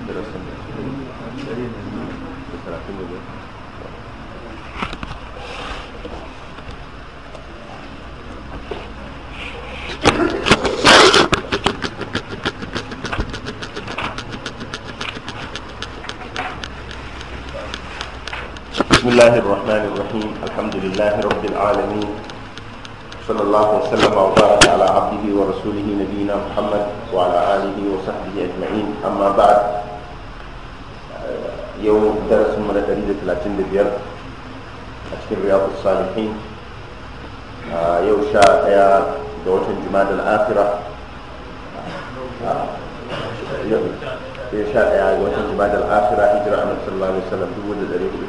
الدراسة بسم الله الرحمن الرحيم الحمد لله رب العالمين صلى الله وسلم وبارك على عبده ورسوله نبينا محمد وعلى آله وصحبه أجمعين أما بعد yau darasin mu na 135 a cikin riyadu salihin yau sha daya da watan jumada al'afira ya sha daya ga watan jumada al'afira hijira a nasarar lalai salam 1429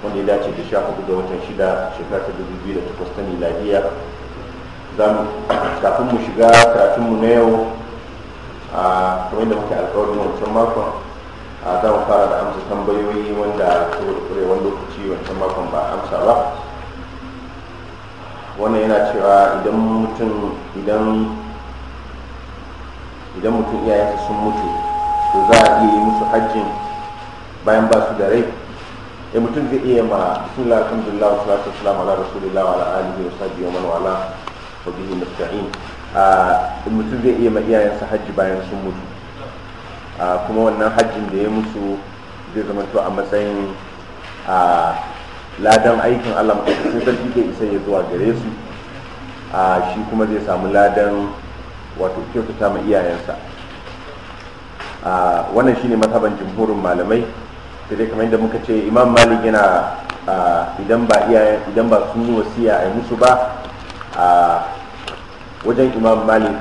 wanda ya dace da sha hudu ga watan shida shekara ta 2008 ta miladiya kafin mu shiga karatunmu na yau a kamar da muke alkawarin wancan makon a zan fara da amsa tambayoyi wanda saboda kurewan lokaci wancan makon ba amsa ba wannan yana cewa idan mutum idan idan mutum iyayensa sun mutu to za a iya yi musu hajjin bayan ba su da rai ya eh, mutum zai iya ma bismillah alhamdulillah wa salatu wassalamu ala rasulillah wa ala alihi wa sabi wa man wala wa bihi nasta'in ah, mutum zai iya ma iyayensa hajji bayan sun mutu kuma wannan hajjin da ya musu zai zama to a matsayin a ladan aikin Allah maɗaukakin sarki da isa ya zuwa gare su a shi kuma zai samu ladan wato kyautata ma iyayensa a wannan shine mazhaban jumhurin malamai sai dai kamar yadda muka ce imam malik yana idan ba iyayen idan ba sun yi wasiya a musu ba a wajen imam malik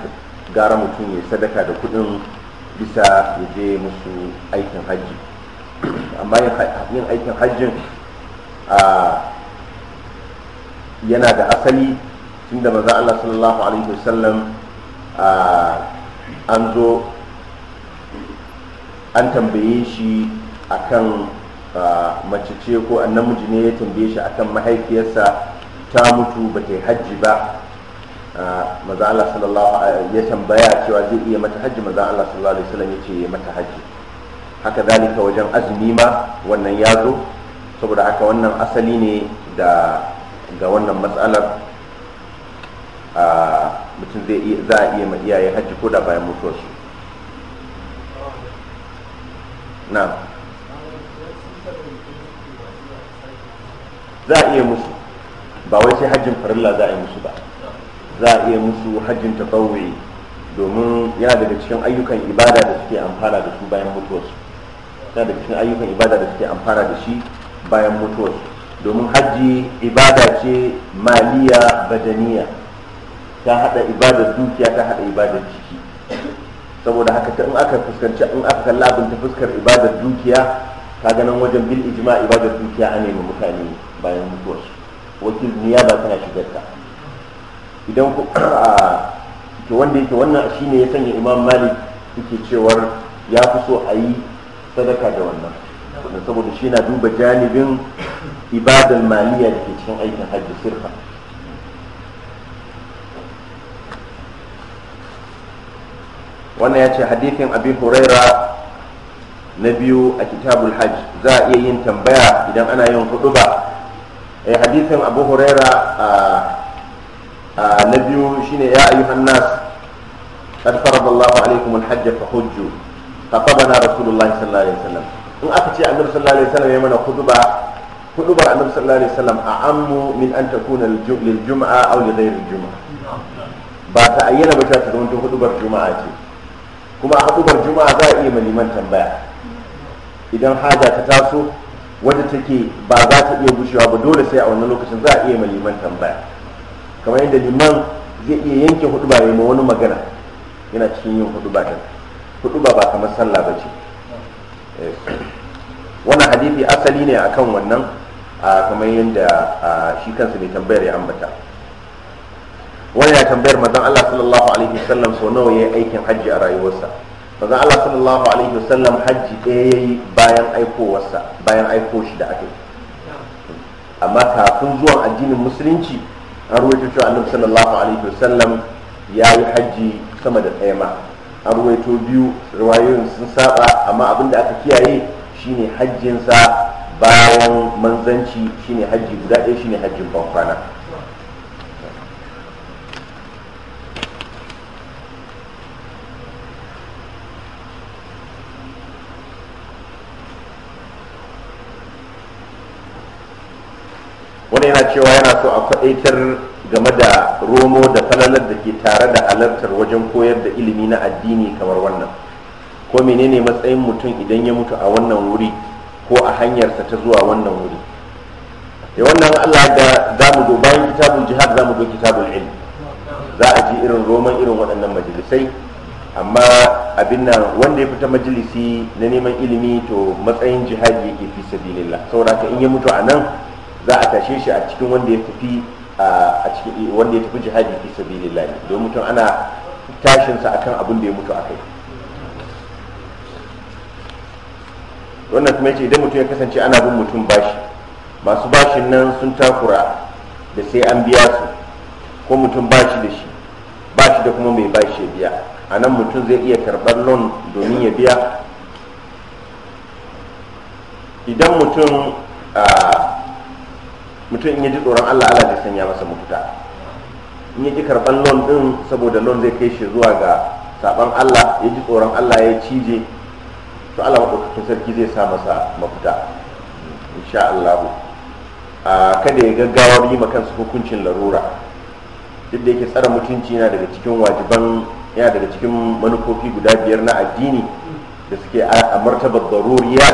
gara mutum ya sadaka da kuɗin bisa ya je musu aikin hajji amma yin aikin hajjin yana da asali tun da maza Allah sallallahu alaihi wasallam an zo an tambaye shi akan mace ce ko namiji ne ya tambaye shi akan mahaifiyarsa ta mutu ba ta yi hajji ba maza Allah sallallahu ya tambaya cewa zai iya mata hajji maza Allah sallallahu alaihi wasallam ya ce ya mata hajji haka zalika wajen azumi ma wannan ya zo saboda haka wannan asali ne da ga wannan matsalar mutum zai za a iya ma iyaye hajji ko da bayan mutuwarsu na za a iya musu ba wai sai hajjin farilla za a yi musu ba za a iya musu hajjin tafawuri domin yana daga cikin ayyukan ibada da suke amfana da su bayan mutuwarsu yana daga cikin ayyukan ibada da suke amfana da shi bayan mutuwarsu domin hajji ibada ce maliya badaniya ta hada ibadar dukiya ta hada ibadar ciki saboda haka ta in aka fuskanci in aka kalla abin ta fuskar ibadar dukiya ka ganin wajen bil ijma ibadar dukiya a nemi mutane bayan mutuwarsu wakil niyaba tana shigar ta idan to wanda yake wannan shi ne ya sanya imam malik yake cewar ya fi so a yi sadaka da wannan wannan saboda shi na duba janibin ibadar maliya da ke cikin aikin hajji sirfa wannan ya ce hadithin abin huraira na biyu a kitabul hajj za a iya yin tambaya idan ana yin hudu ba eh, hadithin abu huraira a na biyu shine ya ayyuhan nas qad farada Allah alaykum al-hajj fa hujju khatabana rasulullahi sallallahu alaihi wasallam in aka ce annabi sallallahu alaihi wasallam ya mana khutba annabi sallallahu alaihi wasallam min an takuna lil jum'a aw li ghayri jum'a ba ta ayyana ba ta zama khutbar juma'a ce kuma a khutbar juma'a za a iya maliman tambaya idan haja ta taso wadda take ba za ta iya gushewa ba dole sai a wannan lokacin za a iya maliman tambaya kamar yadda liman zai iya yanke hudu ba ma wani magana yana cikin yin hudu ba kan hudu ba ba kamar sallah ba ce eh, wani hadithi asali ne akan wannan a kamar yadda shi kansa mai tambayar ya ambata wani ya tambayar mazan Allah sallallahu alaihi wasallam sau nawa ya yi aikin hajji a rayuwarsa mazan Allah sallallahu alaihi wasallam hajji ɗaya ya yi bayan aikowarsa bayan aiko shi da aka yi amma kafin zuwan addinin musulunci an ruwaito cewa annabi sallallahu alaihi wasallam ya yi hajji sama da tsayama an ruwaito biyu riwayoyin sun saba amma abin da aka kiyaye shine hajjinsa bayan manzanci shine hajji guda ɗaya shine hajjin bankwana so a kwaɗaitar game da romo da falalar da ke tare da halartar wajen koyar da ilimi na addini kamar wannan ko menene matsayin mutum idan ya mutu a wannan wuri ko a hanyarsa ta zuwa wannan wuri da wannan allah da za mu bayan kitabul jihad za mu zo kitabul ilm za a ji irin roman irin waɗannan majalisai amma abin nan wanda ya fita majalisi na neman ilimi to matsayin jihad yake fi sabilillah saboda in ya mutu a nan za a tashe shi a cikin wanda ya tafi a cikin eh, wanda ya tafi jihadi fi sabilillah don mutum ana tashin sa akan abin da ya mutu akai wannan kuma yace idan mutum ya kasance ana bin mutum bashi masu bashin nan sun takura da sai an biya su ko mutum bashi da shi bashi da kuma mai bashi ya biya a nan mutum zai iya karɓar loan domin ya biya idan mutum a mutum in ya ji tsoron Allah Allah zai sanya masa mafita in yi ji karban loan din saboda lon zai kai shi zuwa ga saban Allah ya ji tsoron Allah ya cije to Allah maɗaukakin sarki zai sa masa mafita insha Allah kada ya gaggawar yi kansa hukuncin larura duk da yake tsara mutunci yana daga cikin wajiban yana daga cikin manufofi guda biyar na addini da suke a martabar daruriya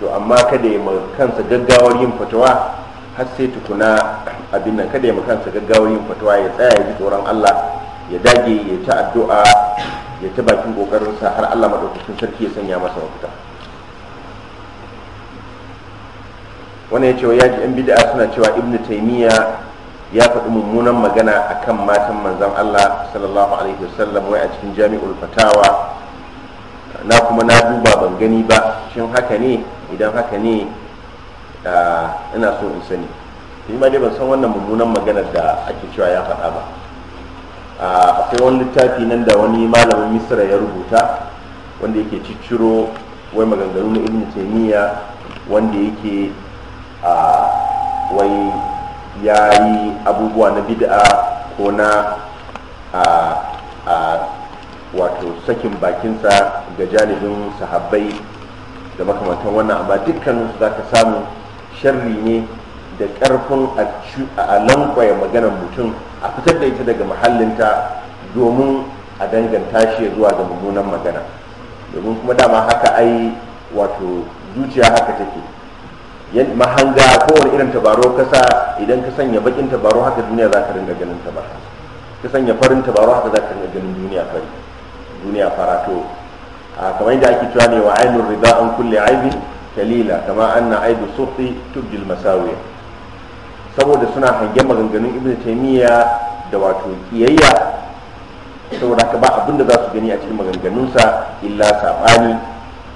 to amma kada ya ma kansa gaggawar yin fatawa har sai tukuna abin nan kada ya makansa gaggawar yin fatawa ya tsaya ya ji tsoron Allah ya dage ya ta addu'a ya ta bakin kokarinsa har Allah madaukakin sarki ya sanya masa mafita wannan ya ce ya ji 'yan bid'a suna cewa ibnu taymiya ya faɗi mummunan magana akan matan manzon Allah sallallahu alaihi wasallam wai a cikin jami'ul fatawa na kuma na duba ban gani ba shin haka ne idan haka ne da ina so in sani ni ma dai ban san wannan mummunan maganar da ake cewa ya faɗa ba akwai wani littafi nan da wani malamin misra ya rubuta wanda yake cicciro wai maganganu na ibn taimiyya wanda yake a wai ya yi abubuwa na bid'a ko na a wato sakin bakinsa ga janibin sahabbai da makamantan wannan amma dukkaninsu za ka samu sharri ne da ƙarfin a lankwaya maganar mutum a fitar da ita daga mahallinta domin a danganta shi zuwa ga mummunan magana domin kuma dama haka ai wato zuciya haka take mahanga kowane irin tabaro kasa idan ka sanya bakin tabaro haka duniya za ka ringa ganin ta ka sanya farin tabaro haka za ka ringa ganin duniya fari duniya farato kamar yadda ake cewa ne wa ainihin riba an kulle aibin kalila kama anna aibu sufi tubjil masawiya saboda suna hangen maganganun ibn taymiya da wato kiyayya saboda haka ba abinda za su gani a cikin maganganunsa illa sabani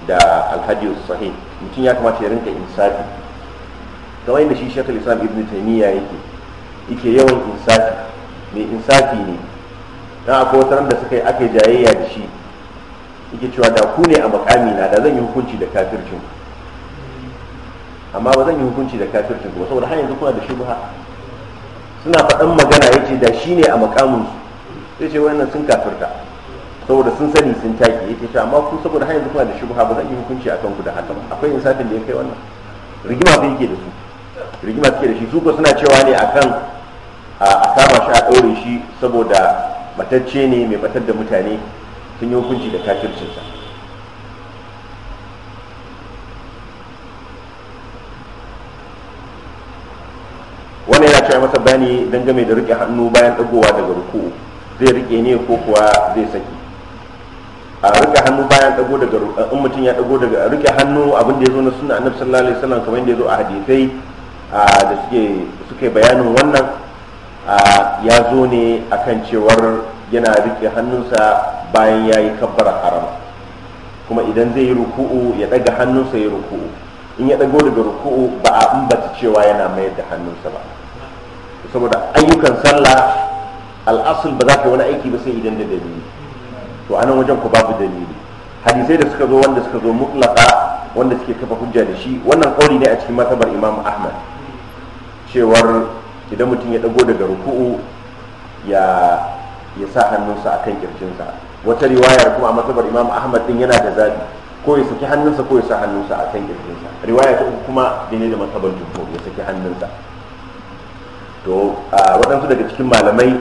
da alhaji sahih mutum ya kamata ya rinka insafi kawai da shi shekul islam ibn taymiya yake yake yawan insafi mai insafi ne dan akwai wata da suka yi aka jayayya da shi yake cewa da ku ne a makami na da zan yi hukunci da kafircinku amma ba zan yi hukunci da kafircin ba saboda hanyar kuna da shubha suna faɗan magana ya ce da shi ne a makamun su ya ce wannan sun kafirta saboda sun sani sun taƙi ya ce amma ku saboda hanyar kuna da shubha ba zan yi hukunci a kanku da haka ba akwai insafin da ya kai wannan rigima ba yake da su rigima suke da shi su ko suna cewa ne akan a kama shi a ɗaure shi saboda batacce ne mai batar da mutane sun yi hukunci da kafircinsa ta masa bani game da rike hannu bayan dagowa daga ruku zai rike ne ko kuwa zai saki a rike hannu bayan dago daga in mutum ya dago daga rike hannu abin da ya zo na sunna annabi sallallahu alaihi wasallam kamar yadda ya zo a hadisai da suke suke bayanin wannan ya zo ne akan cewar yana rike hannunsa bayan ya yi kabbara harama kuma idan zai yi ruku'u ya daga hannunsa ya ruku'u in ya dago daga ruku'u ba a ambata cewa yana mayar da hannunsa ba saboda ayyukan sallah al'asul ba za ka yi wani aiki ba sai idan da dalili to anan wajen ku babu dalili hadisai da suka zo wanda suka zo mutlaka wanda suke kafa hujja da shi wannan kauli ne a cikin matabar imam ahmad cewar idan mutum ya dago daga ruku'u ya ya sa hannunsa akan kirjinsa wata riwayar kuma a matabar imam ahmad din yana da zabi ko ya saki hannunsa ko ya sa hannunsa akan kirjinsa riwaya ta uku kuma dai ne da matabar jumhur ya saki hannunsa to a waɗansu daga cikin malamai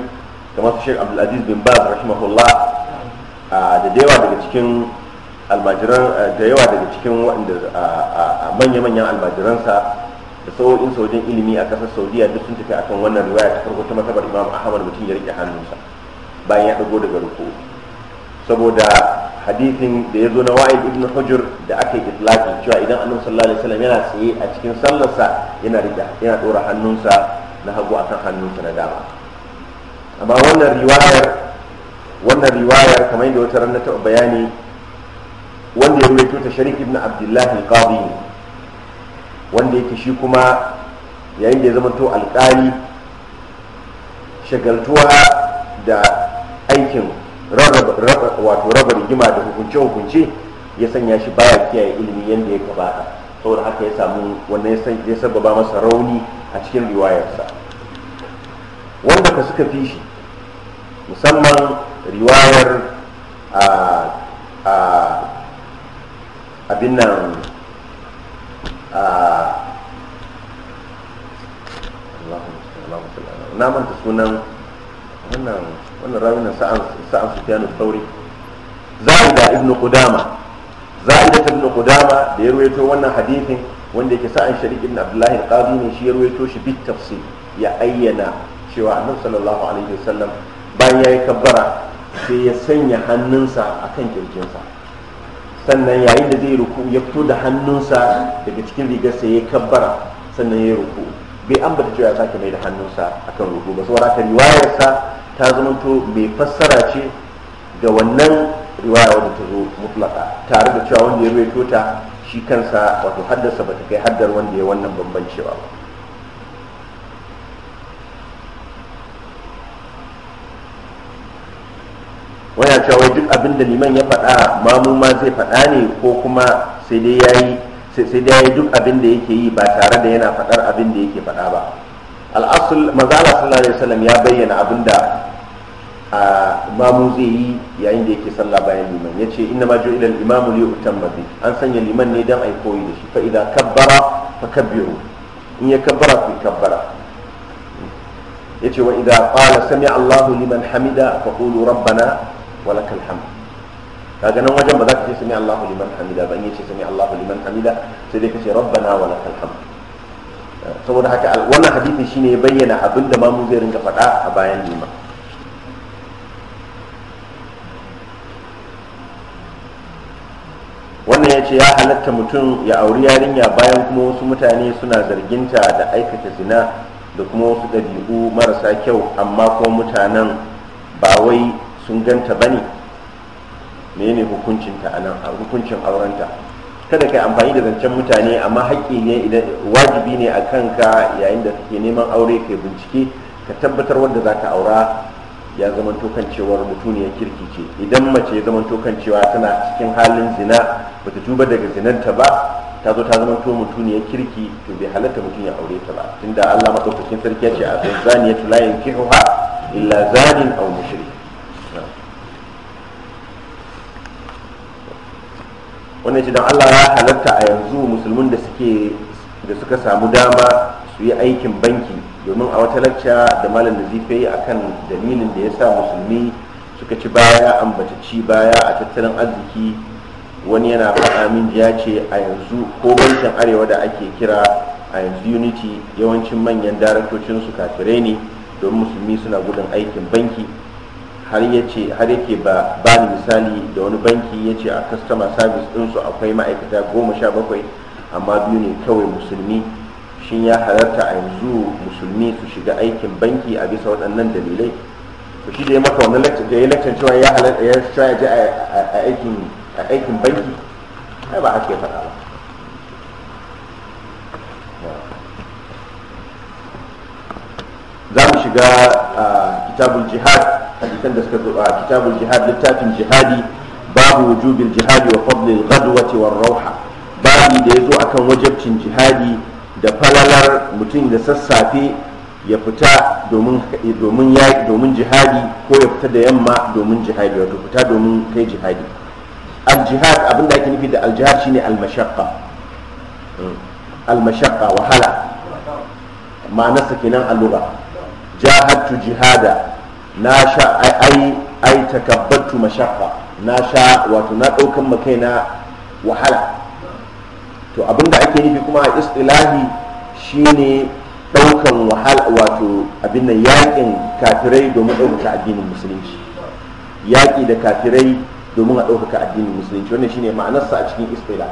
kamar su sheik abdulaziz bin baz rahimahullah da yawa daga cikin almajiran da yawa daga cikin waɗanda manya-manyan almajiransa da sau'o'in saudin ilimi a ƙasar saudiya duk sun tafi akan wannan riwaya ta farko ta matabar imam ahmad mutum ya rike hannunsa bayan ya ɗago daga ruku saboda hadisin da ya zo na wa'id ibn hujur da aka yi itlaqi cewa idan annabi sallallahu alaihi wasallam yana tsaye a cikin sallarsa yana rike yana ɗora hannunsa na hagu akan hannunsa na dama amma wannan riwayar wannan riwayar kamar yadda wata ran na taɓa bayani wanda ya rubuto ta sharik ibn abdullahi alqadi wanda yake shi kuma yayin da ya zama to alƙali shagaltuwa da aikin wato raba rigima da hukunce-hukunce ya sanya shi baya kiyaye ilimi yadda ya kaba saboda haka ya samu wannan ya sababa masa rauni a cikin riwayarsa wanda ka suka fi shi musamman riwayar abin nan na manta sunan wannan wannan rawinan sa'an sufyan al-thawri zaida ibn qudama zaida ibn kudama da ya ruwaito wannan hadithin wanda yake sa'an shari'a ibn abdullahi al-qadi ne shi ya ruwaito shi bit tafsir ya ayyana cewa annabi sallallahu alaihi wasallam bayan ya yi kabbara sai ya sanya hannunsa akan kirjinsa sannan yayin da zai ruku ya fito da hannunsa daga cikin rigarsa ya kabbara sannan ya ruku bai ambata cewa ya sake mai da hannunsa akan ruku ba saboda haka riwayarsa ta to mai fassara ce ga wannan riwaya wadda ta zo mutlaka tare da cewa wanda ya ruwaito ta shi kansa wato haddasa ba ta kai haddar wanda ya wannan bambancewa ba Waya cewa duk abin da liman ya faɗa mu ma zai faɗa ne ko kuma sai dai ya sai dai yayi duk abin da yake yi ba tare da yana faɗar abin da yake faɗa ba al al'asul mazala sallallahu alaihi wasallam ya bayyana abin da a mamu zai yi yayin da yake sallah bayan liman ya ce inna ma ju'ila al-imamu li yutamma bi an sanya liman ne dan ai koyi da shi fa idan kabbara fa kabbiru in ya kabbara ku kabbara yace wa idan qala sami Allahu liman hamida fa qulu rabbana wa lakal hamd kaga nan wajen ba za ka ce sami Allahu liman hamida ba in yace sami Allahu liman hamida sai dai ka ce rabbana wa lakal hamd saboda haka wannan hadisi shine ya bayyana abinda mamu zai rinka faɗa a bayan liman wannan ya ce ya halatta mutum ya auri yarinya bayan kuma wasu mutane suna zarginta da aikata zina da kuma wasu ɗabi'u marasa kyau amma kuma mutanen ba wai sun ganta ba ne mene hukuncinta hukuncin aurenta kada ka amfani da zancen mutane amma haƙƙi ne idan wajibi ne a kanka yayin da kake neman aure kai bincike ka tabbatar wanda za ka aura ya zama tokan cewar mutuniyar kirki ce idan mace ya zama tokan cewa tana cikin halin zina bata tuba daga zinanta ba ta zo ta zama to mutuniyar kirki to bai halatta mutum ya aure ta ba tunda Allah madaukakin sarki ya ce a ya tulayin kihuha illa zanin aw mushri wannan ce Allah ya halatta a yanzu musulmin da suke da suka samu dama su yi aikin banki domin a wata lacca da malam da a yi akan dalilin da ya sa musulmi suka ci baya ambata ci baya a tattalin arziki wani yana faɗa min ya ce a yanzu ko bankin arewa da ake kira a yanzu unity yawancin manyan daraktocin su kafirai ne don musulmi suna gudun aikin banki har yace har yake ba ba ni misali da wani banki yace a customer service ɗinsu akwai ma'aikata goma sha bakwai amma biyu ne kawai musulmi shin ya halarta a yanzu musulmi su shiga aikin banki a bisa waɗannan dalilai to shi da ya maka wannan lecture da ya lecture cewa ya halarta ya cewa ya je a aikin a aikin banki ai ba haka ya faɗa ba za mu shiga kitabul jihad hadisan da suka zo a kitabul jihad littafin jihadi babu wujubil jihadi wa fadlil ghadwati war rauha babu da ya zo akan wajibcin jihadi da falalar mutum da sassafe ya fita domin jihadi ko ya fita da yamma domin jihadi wato fita domin kai jihadi al-jihad abinda ake nufi da al-jihad shine al-mashaqqa hmm. al-mashaqqa wahala ma'anarsa kenan al-lugha jahadtu jihada na sha ai ai takabbatu mashaqqa na sha wato na daukan makaina wahala to abin da ake nufi kuma a istilahi shine daukan wato abin nan kafirai domin ɗaukaka addinin musulunci yaƙi da kafirai domin a ɗaukaka addinin musulunci wannan shine ma'anarsa a cikin istilah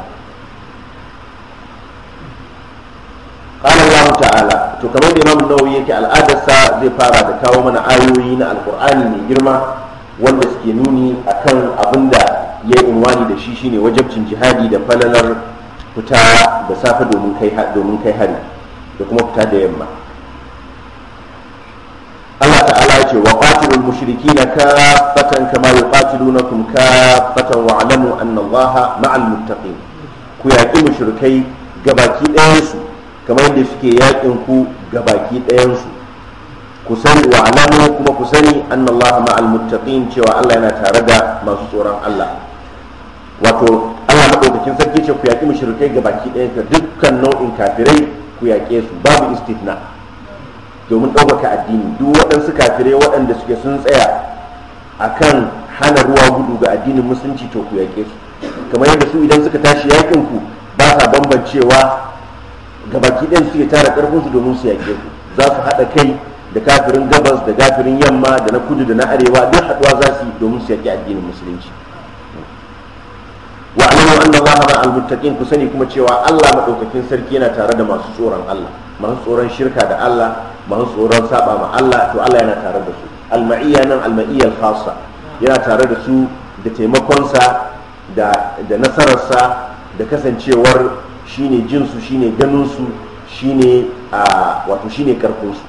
qala Allah ta'ala to kamar da Imam Nawawi yake al'adarsa zai fara da kawo mana ayoyi na Alƙur'ani mai girma wanda suke nuni akan abinda ya yi unwani da shi shine wajabcin jihadi da falalar fita da safe domin kai hari da kuma fita da yamma Allah ta'ala ya ce wa qatilul mushrikeena kaffatan kama yuqatilunakum kaffatan wa'lamu anna Allaha ma'al muttaqin ku yaƙi mushrikai gabaki ɗayan su kamar yadda suke yaƙin ku gabaki ɗayan su ku sani wa alamu kuma ku sani anna Allah ma'al muttaqin cewa Allah yana tare da masu tsoron Allah wato madaukakin sarki ce ku yaƙi mushrikai ga baki ɗaya ta dukkan nau'in kafirai ku yaƙe su babu istitna domin ɗaukaka addini duk waɗansu kafirai waɗanda suke sun tsaya akan hana ruwa gudu ga addinin musulunci to ku yaƙe su kamar yadda su idan suka tashi yaƙin ku ba sa bambancewa ga baki ɗayan suke tara ƙarfin su domin su yaƙe ku za su haɗa kai da kafirin gabas da kafirin yamma da na kudu da na arewa duk haɗuwa za su yi domin su yaƙi addinin musulunci inna allaha ma al-muttaqin ku sani kuma cewa Allah madaukakin sarki yana tare da masu tsoron Allah masu tsoron shirka da Allah masu tsoron saba ma Allah to Allah yana tare da su al-ma'iyya nan al-ma'iyya al-khassa yana tare da su da taimakonsa da da nasararsa da kasancewar shine jinsu shine ganin su shine ah, wato shine karfin su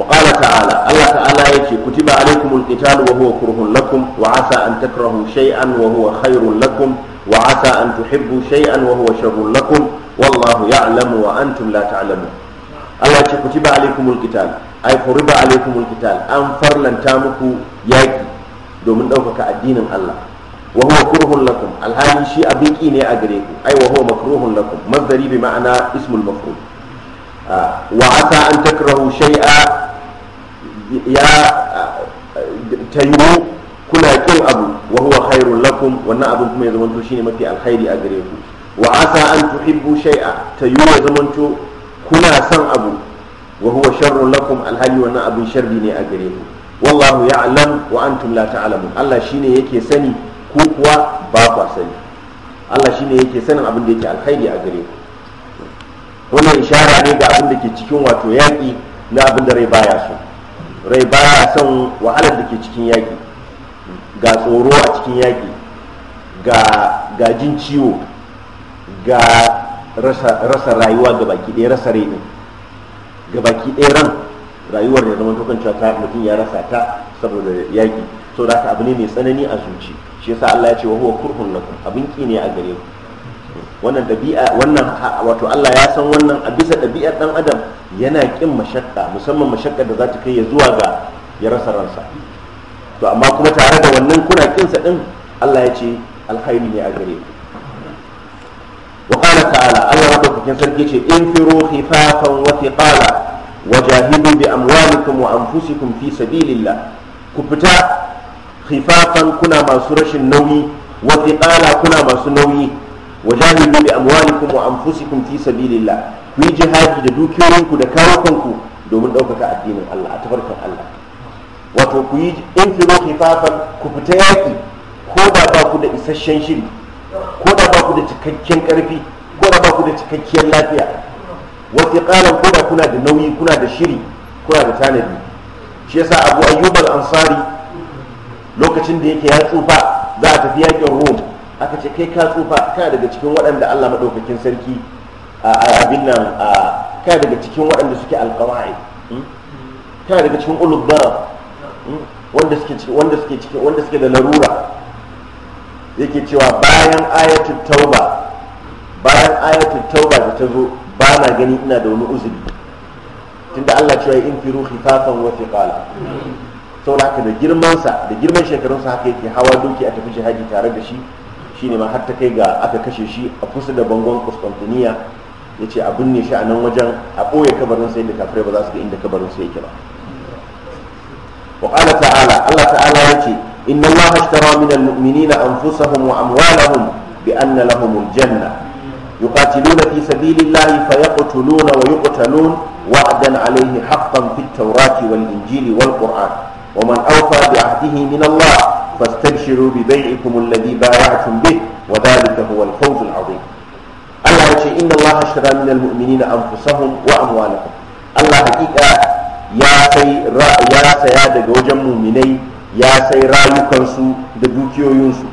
وقال تعالى الله تعالى يجي كتب عليكم القتال وهو كره لكم وعسى أن تكرهوا شيئا وهو خير لكم وعسى أن تحبوا شيئا وهو شر لكم والله يعلم وأنتم لا تعلمون الله يجي كتب عليكم القتال أي فرب عليكم القتال أنفر لن تامكوا ياكي domin ɗaukaka addinin Allah wa huwa kurhun lakum alhali shi abin ƙi ne a gare ku ai wa huwa makruhun lakum mazdari bi ma'ana ismul maf'ul wa asa an takrahu shay'a ya tayu kuna kin abu wa huwa khairul lakum wannan abin kuma ya zamanto shine mafi alkhairi a gare ku wa asa an tuhibbu shay'a tayu ya zamanto kuna son abu wa huwa sharrun lakum alhali wannan abin sharri ne a gare ku wallahu ya'lam wa antum la ta'lamun Allah shine yake sani ku kuwa ba ku sani Allah shine yake sanin abin da yake alkhairi a gare ku wannan ishara ne ga abin da ke cikin wato yaƙi na abin da rai baya so rai baya son wahalar da ke cikin yaƙi ga tsoro a cikin yaƙi ga gajin ciwo ga rasa rayuwa ga baki ɗaya rasa rai ɗin ga baki ɗaya ran rayuwar da zama tukan cewa mutum ya rasa ta saboda yaƙi so da abu ne mai tsanani a zuci shi yasa Allah ya ce wa huwa kurhun lakum abin ki ne a gare ku wannan ɗabi'a wannan wato Allah ya san wannan a bisa ɗabi'ar ɗan adam yana ƙin mashakka musamman mashakka da za ta kai ya zuwa ga ya rasa ransa to amma kuma tare da wannan kuna ƙinsa ɗin Allah ya ce alkhairi ne a gare ku wa qala ta'ala Allah madaukakin sarki ce in firu khifafan wa thiqala wa jahidu bi amwalikum wa anfusikum fi sabilillah ku fita khifafan kuna masu rashin nauyi wa thiqala kuna masu nauyi wajahidu bi amwalikum wa anfusikum fi sabilillah kuyi jihadi da dukiyoyinku da kawukanku domin ɗaukaka addinin Allah a tafarkin Allah wato ku yi infiro kifafan ku fita yaƙi ko da ba ku da isasshen shiri ko da ba ku da cikakken ƙarfi ko da ba ku da cikakken lafiya wasu ƙalan ko da kuna da nauyi kuna da shiri kuna da tanadi shi yasa abu ayyuban ansari lokacin da yake ya tsufa za a tafi yakin rome aka ce kai ka tsufa kana daga cikin waɗanda Allah maɗaukakin sarki a abin nan a kana daga cikin waɗanda suke alƙawa'i hmm? kana daga cikin ulubbara hmm? wanda suke wanda suke cikin wanda suke da larura yake cewa bayan ayatul tauba bayan ayatul tauba da ta zo ba na gani ina da wani uzuri tunda Allah cewa in firu khifafan wa thiqala saboda haka da girman sa da girman shekarunsa haka yake hawa doki a tafi jihadi tare da shi ne ma har ta kai ga aka kashe shi a kusa da bangon kustantiniya ya ce a binne shi a nan wajen a ɓoye kabarin sai da kafirai ba za su ga inda kabarin sai yake ba wa ta'ala Allah ta'ala ya ce inna Allah ashtara min al-mu'minina anfusahum wa amwalahum bi anna lahum al-janna yuqatiluna fi sabilillahi yaqtuluna wa yuqtalun wa'dan alayhi haqqan fit tawrati wal injili wal qur'an wa man awfa bi ahdihi min Allah fastabshiru bi bai alladhi bay'atum bih wa dhalika huwa al-fawz al-'azim Allah ya ce inna Allah ashtara min al-mu'minina anfusahum wa amwalahum Allah hakika ya sai ya saya daga wajen mu'minai ya sai rayukansu da dukiyoyinsu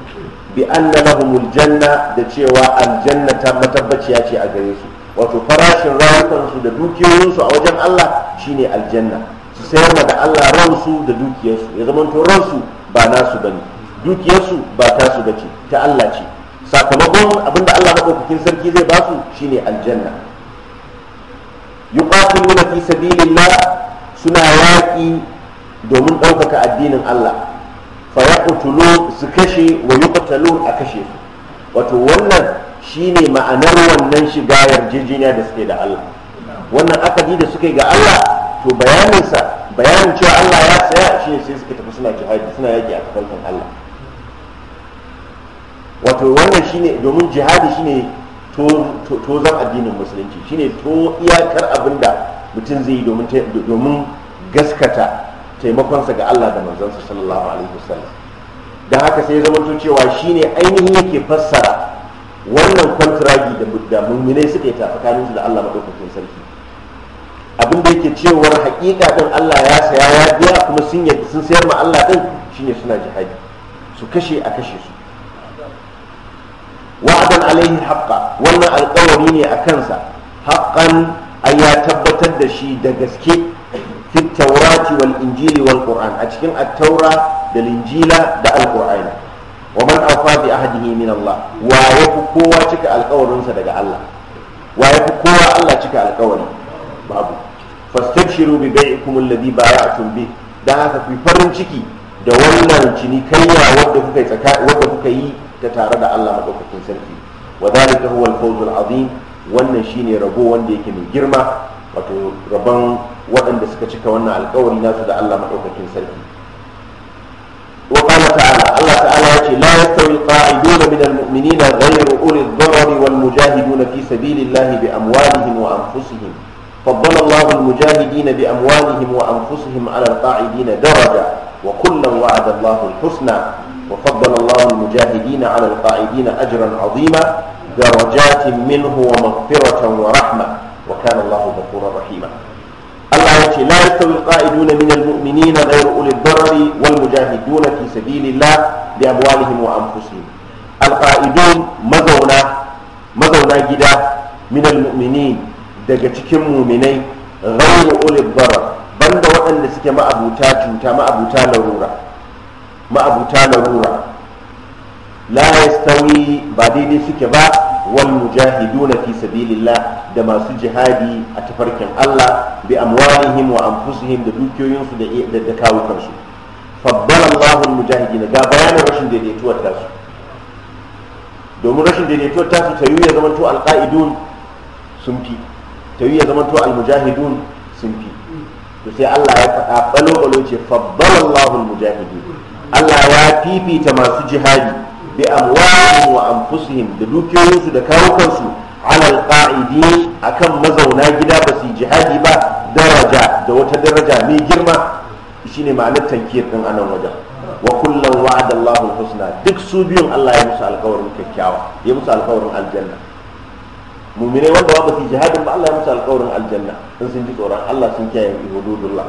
bi anna lahumul janna da cewa aljanna ta matabbaciya ce a gare su wato farashin rayukansu da dukiyoyinsu a wajen Allah shine aljanna su sayar da Allah ransu da dukiyarsu ya zamanto ransu ba nasu bane dukiyarsu ba tasu bace ta Allah ce sakamakon abinda Allah maɗaukakin sarki zai basu shine aljanna yuqatiluna fi sabilillah suna yaƙi domin ɗaukaka addinin Allah fa yaqtulu su kashe wa yuqtalu a kashe su wato wannan shine ma'anar wannan shiga yarjejeniya da suke da Allah wannan akadi da suke ga Allah to bayaninsa bayanin cewa Allah ya saya shi sai suka tafi suna jihadi suna yaƙi a tafarkin Allah wato wannan shine domin jihadi shine zan addinin musulunci shine to iyakar abin da mutum zai yi domin gaskata taimakonsa ga Allah da manzansa sallallahu alaihi wasallam da haka sai ya zama to cewa shine ainihin yake fassara wannan kwantiragi da muminai suka yi su da Allah maɗaukakin sarki abin da yake cewar hakika din Allah ya saya ya biya kuma sun yadda sun sayar ma Allah din shine suna jihadi su kashe a kashe su wa'adan alaihi haqqa wannan alƙawari ne a kansa haqqan ay ya tabbatar da shi da gaske fi tawrati wal injili wal qur'an a cikin at-taura da injila da al-qur'ani wa man afa bi ahdihi min Allah wa ya kowa cika sa daga Allah wa kowa Allah cika alƙawari babu fastabshiru bi bai'ikum alladhi bay'atum bi da haka ku farin ciki da wannan cinikayya wanda kuka yi wanda kuka yi ta tare da Allah madaukakin sarki wa dhalika huwa al-fawz al-azim wannan shine rabo wanda yake mai girma wato rabon waɗanda suka cika wannan alkawari nasu da Allah madaukakin sarki wa qala ta'ala Allah ta'ala yace la yastawi al-qa'iduna min al-mu'minina ghayru uli ad-darari wal mujahiduna fi sabilillahi bi amwalihim wa anfusihim فضل الله المجاهدين بأموالهم وأنفسهم على القاعدين درجة وكلا وعد الله الحسنى وفضل الله المجاهدين على القاعدين أجرا عظيما درجات منه ومغفرة ورحمة وكان الله غفورا رحيما الله لا يستوي القائدون من المؤمنين غير أولي الضرر والمجاهدون في سبيل الله بأموالهم وأنفسهم القائدون مزونا مزونا جدا من المؤمنين daga cikin muminai ghayru ulil darar banda waɗanda suke ma'abuta cuta ma'abuta larura ma'abuta larura la yastawi ba daidai suke ba wal mujahiduna fi sabilillah da masu jihadi a tafarkin Allah bi amwalihim wa anfusihim da dukiyoyinsu da da kawukansu faddala Allahu al mujahidin ga bayanin rashin daidaituwar tasu domin rashin daidaituwar tasu su ya zamanto alqaidun sun fi ta yi ya zama to almujahidun sun fi to sai Allah ya faɗa balo balo ce faddalallahu almujahidin Allah ya fifita masu jihadi bi amwalihim wa anfusihim da dukiyoyinsu da kawukansu alal qa'idi akan mazauna gida ba su jihadi ba daraja da wata daraja mai girma shine ma'anar tankiyar din anan wajen wa kullum husna duk su biyun Allah ya musu alƙawarin kyakkyawa ya musu alƙawarin aljanna muminai wanda ba su jihadin ba Allah ya musu alƙawarin aljanna in sun ji tsoron Allah sun kiyaye hududullah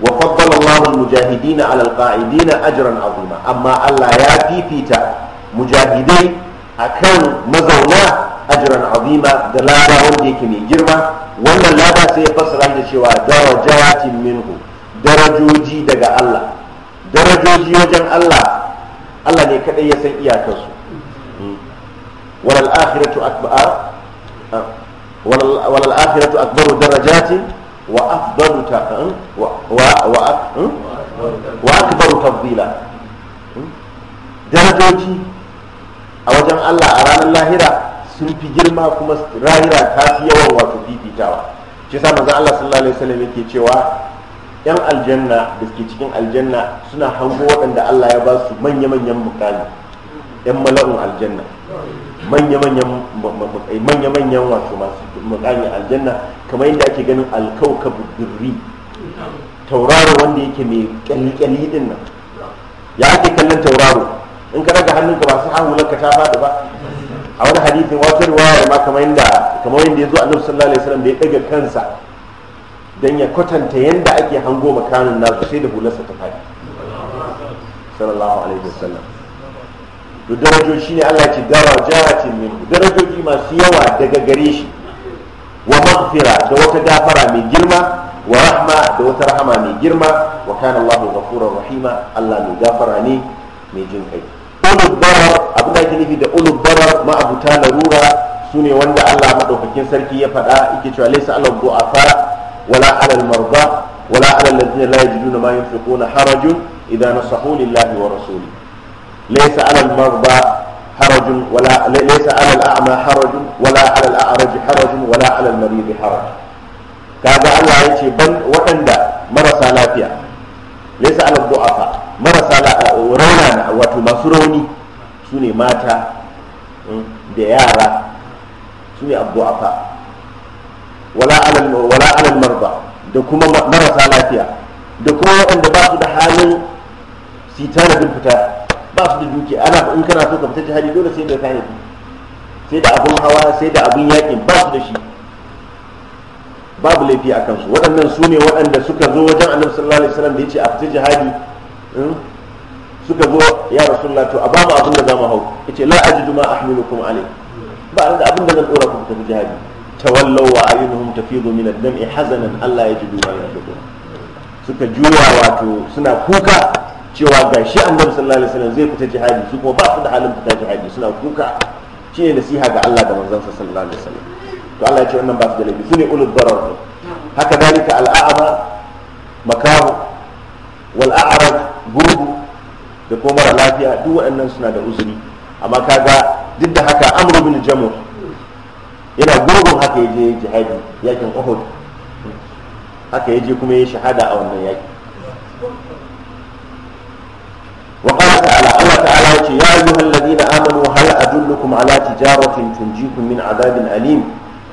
wa faddala Allahu al-mujahidin 'ala al-qa'idin ajran 'azima amma Allah ya fifita mujahidai akan mazauna ajran azima da lada wanda yake mai girma wannan lada sai ya fassara da cewa darajatin minhu darajoji daga Allah darajoji wajen Allah Allah ne kadai ya san iyakarsu hmm. wal akhiratu akbar wa وللآخرة wa wa wa akbaru tafdila darajoji a wajen Allah a ranar lahira sun fi girma kuma rahira ta fi yawan wato fifitawa shi sa manzon Allah sallallahu alaihi wasallam yake cewa yan aljanna da suke cikin aljanna suna hango waɗanda Allah ya ba su manya-manyan mukami yan mala'un aljanna Eh, manya-manyan wato masu mukamin aljanna kamar yadda ake ganin alkaukabu birri tauraro wanda yake mai kyalkyali din nan ya ake kallon tauraro in ka daga hannun ka masu hahu ka ta faɗi ba a wani hadithin wata riwaya ma kamar yadda kamar yadda ya zo annabi sallallahu alaihi wasallam da ya daga kansa dan ya kwatanta yadda ake hango makanin nasu sai da hularsa ta faɗi sallallahu alaihi wasallam to darajoji ne Allah ce darajatin min darajoji masu yawa daga gare shi wa maghfira da wata gafara mai girma wa rahma da wata rahama mai girma wa kana Allahu ghafurur rahima Allah mai gafara ne mai jin kai ulul barar abin da ake nufi da ulul barar ma'abuta larura su ne wanda Allah madaukakin sarki ya faɗa yake cewa laysa alal du'afa wala alal marda wala alal ladina la yajiduna ma yunfiquna harajun idan nasahu lillahi wa rasuli laysa alal marba harajun wala laysa alal harajun kaga Allah ya ce ban waɗanda marasa lafiya laysa alal du'afa marasa wato masu rauni sune mata da yara sune abdu'afa wala alal marba da kuma marasa lafiya da kuma waɗanda ba su da halin su yi fita ba su da dukiya ana in kana so ka fita jihadi dole sai da kayan sai da abun hawa sai da abun yakin ba su da shi babu laifi a kansu waɗannan su ne waɗanda suka zo wajen annabi sallallahu alaihi wasallam da ya ce a fita jihadi hmm? suka zo ya rasulullah to a ba mu abin da za mu hau yace la ajidu ma ahmilukum alai ba da abin da zan dora ku tafi jihadi tawallaw wa ayunuhum tafidu min ad-dam'i hazanan alla yajidu ma yunfiqun suka juya wato suna kuka cewa ga shi annabi sallallahu alaihi wasallam zai fita jihadi su kuma ba su da halin fita jihadi suna kuka shi ne nasiha ga Allah da manzansa sallallahu alaihi wasallam to Allah ya ce wannan ba su da laifi su ne ulul darar haka dalika al'a'ama makahu wal a'raj da kuma mara lafiya duk waɗannan suna da uzuri amma kaga duk da haka amru bin jamu yana gurbin haka yaje jihadi yakin uhud haka yaje kuma ya shahada a wannan yaki وقال تعالى الله تعالى يا أيها الذين آمنوا هل أدلكم على تجارة تنجيكم من عذاب أليم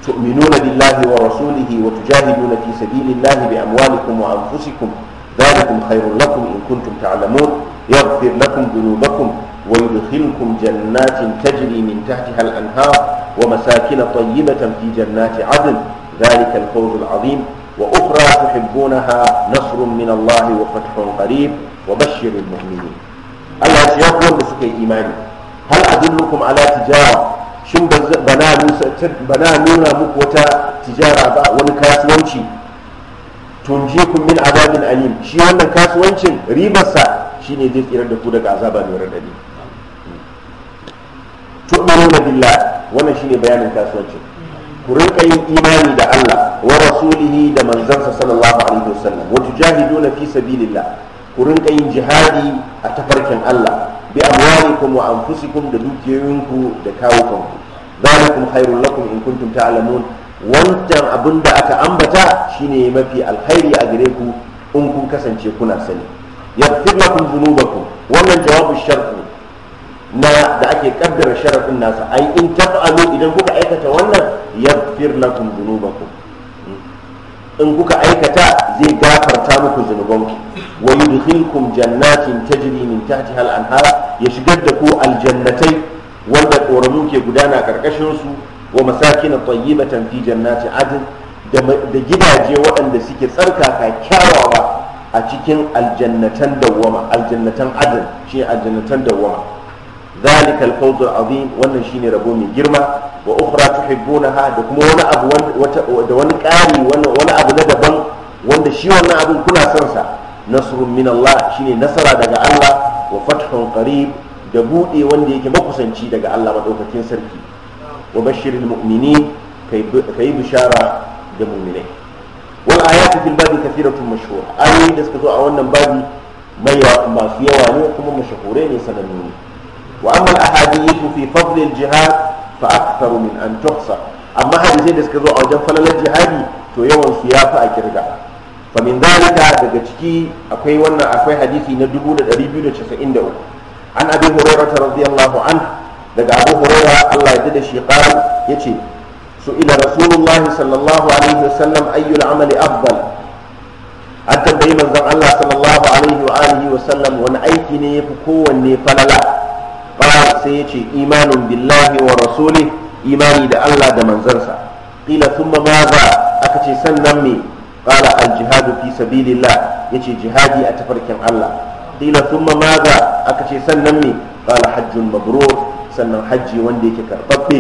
تؤمنون بالله ورسوله وتجاهدون في سبيل الله بأموالكم وأنفسكم ذلكم خير لكم إن كنتم تعلمون يغفر لكم ذنوبكم ويدخلكم جنات تجري من تحتها الأنهار ومساكن طيبة في جنات عدن ذلك الفوز العظيم وأخرى تحبونها نصر من الله وفتح قريب وبشر المؤمنين Allah ya ku wanda suka yi imani hal adullukum ala tijara shin bana nuna muku wata tijara ba wani kasuwanci tunjikum min azabin alim shi wannan kasuwancin ribarsa shine zai tsira da ku daga azaba mai radadi tu'minuna billah wannan shine bayanin kasuwancin ku rinka yin imani da Allah wa rasulihi da manzansa sallallahu alaihi wasallam wa tujahiduna fi sabilillah ku rinka yin jihadi a tafarkin Allah bi amwalikum wa anfusikum da dukiyoyinku da kawukanku zalikum khairul lakum in kuntum ta'lamun wancan abin da aka ambata shine mafi alkhairi a gare ku in kun kasance kuna sani yaghfir lakum dhunubakum wannan jawabu sharh na da ake kaddara sharafin nasa ai in taf'alu idan kuka aikata wannan yaghfir lakum dhunubakum in kuka aikata zai gafarta muku zunubanku wa yudkhilkum jannatin tajri min tahtiha al-anhar ya shigar da ku aljannatai wanda tsoron ke gudana karkashin su wa masakin tayyibatan fi jannati adn da gidaje waɗanda suke tsarkaka kyawawa a cikin aljannatan dawwama aljannatan adn shi aljannatan dawwama ذلك الفوز العظيم wannan shine rabo mai girma wa ukhra tuhibbunaha da wani abu ƙari wani abu na daban wanda shi wannan abin kuna son sa nasrun min Allah shine nasara daga Allah wa fathun qarib da bude wanda yake makusanci daga Allah madaukakin sarki wa bashiril mu'minin kai bishara da mu'minai wal ayatu fil babi kathiratun mashhura ayoyi da suka zo a wannan babi mai masu yawa ne kuma mashahurai ne sanannu ne a واما الاحاديث في فضل الجهاد فاكثر من ان تحصى اما حديثين da suka zo a wajen falalar jihadi to yawan su yafi a kirga fa min dalika daga ciki akwai wannan akwai hadisi na 293 an abi hurairah radiyallahu anhu daga abu hurairah Allah ya ji da shi qala su ila rasulullahi sallallahu alaihi wasallam ayyu al-amal afdal an tambayi manzon Allah sallallahu alaihi wa alihi wani aiki ne fi kowanne falala sai ya ce imanin billahi wa rasulih imani da Allah da manzarsa qila thumma maza aka ce sannan me qala al jihadu fi sabilillah yace jihadi a tafarkin Allah qila thumma maza aka ce sannan me qala hajjun mabrur sannan hajji wanda yake karbabbe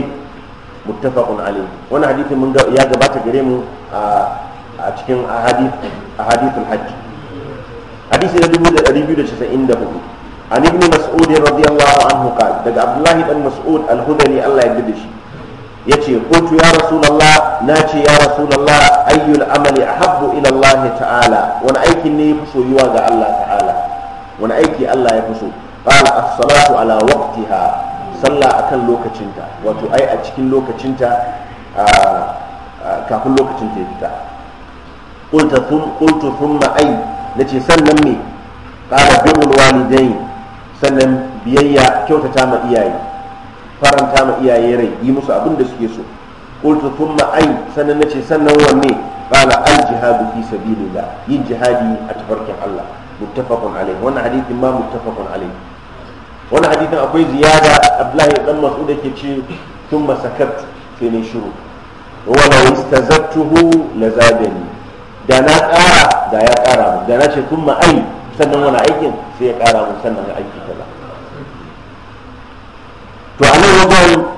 muttafaqun alayhi wannan hadithin mun ya gabata gare mu a cikin ahadith ahadithul hajj hadisi na 2294 an ibn mas'ud radiyallahu anhu qala daga abdullahi dan mas'ud al-hudali Allah ya gidi shi yace qultu ya rasulullah nace ya rasulullah ayyul amali ahabbu ila Allah ta'ala wani aiki ne yafi soyuwa ga Allah ta'ala wani aiki Allah ya fi so qala as-salatu ala waqtiha sallah akan lokacinta wato ai a cikin lokacinta kafin lokacin ta fita qultu thumma ay nace sannan me qala bi'ul walidain sannan biyayya kyautata ma iyaye faranta ma iyaye rai yi musu abin da suke so qultu thumma ay sannan nace sannan wanne qala al jihadu fi sabilillah yin jihadi a tafarkin Allah muttafaqun alayh wannan hadithin ma muttafaqun alayh wannan hadithin akwai ziyada Abdullahi dan Mas'ud yake ce thumma sakat sai ne shiru wala istazattuhu lazadani da na kara da ya kara, da na ce thumma ay sannan wani aikin sai ya kara mu sannan aiki dogon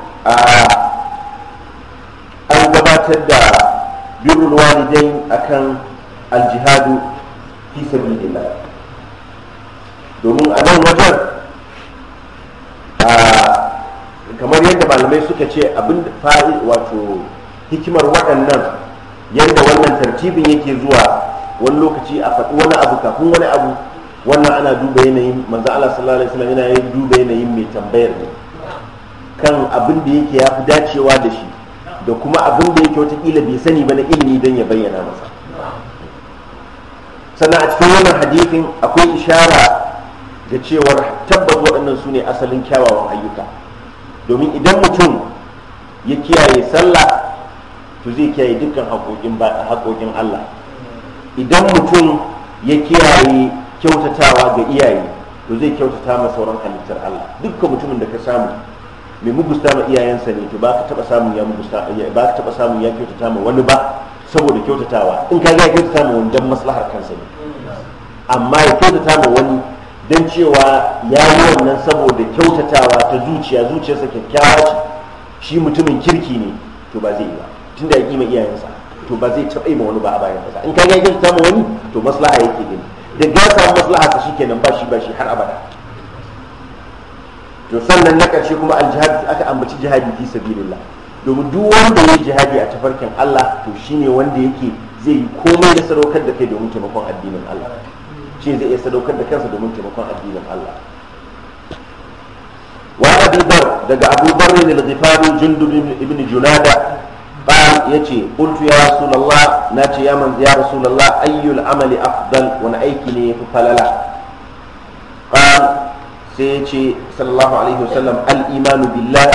an gabatar da birnin a akan aljihadu fi sabilillah domin a nan wajen kamar yadda malamai suka ce abin fa'i wato hikimar waɗannan yadda wannan tartibin yake zuwa wani lokaci a faɗi wani abu kafin wani abu wannan ana duba yanayin manzo Allah sallallahu alaihi wasallam yana duba yanayin mai tambayar ne kan abin da yake ya fi dacewa da shi da kuma abin da yake watakila bai sani ba na ilimi don ya bayyana masa sannan a cikin wannan hadithin akwai ishara ga cewar tabbas waɗannan su ne asalin kyawawan ayyuka domin idan mutum ya kiyaye sallah to zai kiyaye dukkan haƙoƙin allah idan mutum ya kiyaye kyautatawa ga iyaye to zai kyautata ma sauran halittar allah dukkan mutumin da ka samu mai mugusta ma iyayensa ne to ba ka taba samun ya mugusta ba ka taba samun ya kyautata ma wani ba saboda kyautatawa in ka ga kyautata ma wani dan maslahar kansa ne amma ya kyautata ma wani dan cewa ya yi wannan saboda kyautatawa ta zuciya zuciyarsa kyakkyawa ce shi mutumin kirki ne to ba zai yi ba tunda ya kima iyayensa to ba zai taba yi ma wani ba a bayan kasa in ka ga kyautata ma wani to maslaha yake gani da ga samu maslaha ta shikenan ba shi ba shi har abada to sannan na ƙarshe kuma aljihad aka ambaci jihadi fi sabilillah domin duk wanda ya jihadi a tafarkin Allah to shine wanda yake zai yi komai da sadaukar da kai domin taimakon addinin Allah shi zai iya sadaukar da kansa domin taimakon addinin Allah wa Abu Dar daga Abu Dar al-Ghifari Jundub ibn Junada قال يتي قلت يا رسول ya ناتي يا من يا رسول الله أي العمل أفضل ونأيكني فلا قال sai ya ce sallallahu alaihi wasallam al-imanu billah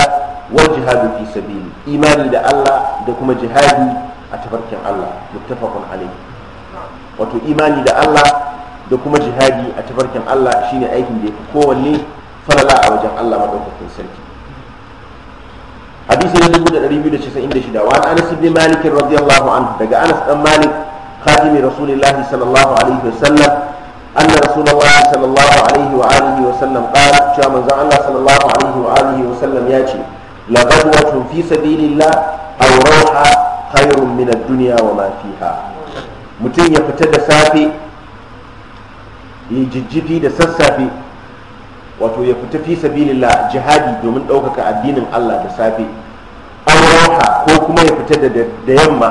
wal jihadu fi sabili imani da Allah da kuma jihadi a tafarkin Allah muttafaqun alaihi wato imani da Allah da kuma jihadi a tafarkin Allah shine aikin da yake kowanne falala a wajen Allah madaukakin sarki hadisi na 2296 wa an Anas ibn Malik radiyallahu anhu daga Anas dan Malik خادم رسول الله صلى الله عليه وسلم أن رسول الله صلى الله عليه وآله وسلم قال جاء من زعل الله صلى الله عليه وآله وسلم ياتي لغدوة في سبيل الله أو روحة خير من da sassafe wato ya fita fi sabilillah jihadi domin ɗaukaka addinin Allah da safe an ko kuma ya fita da yamma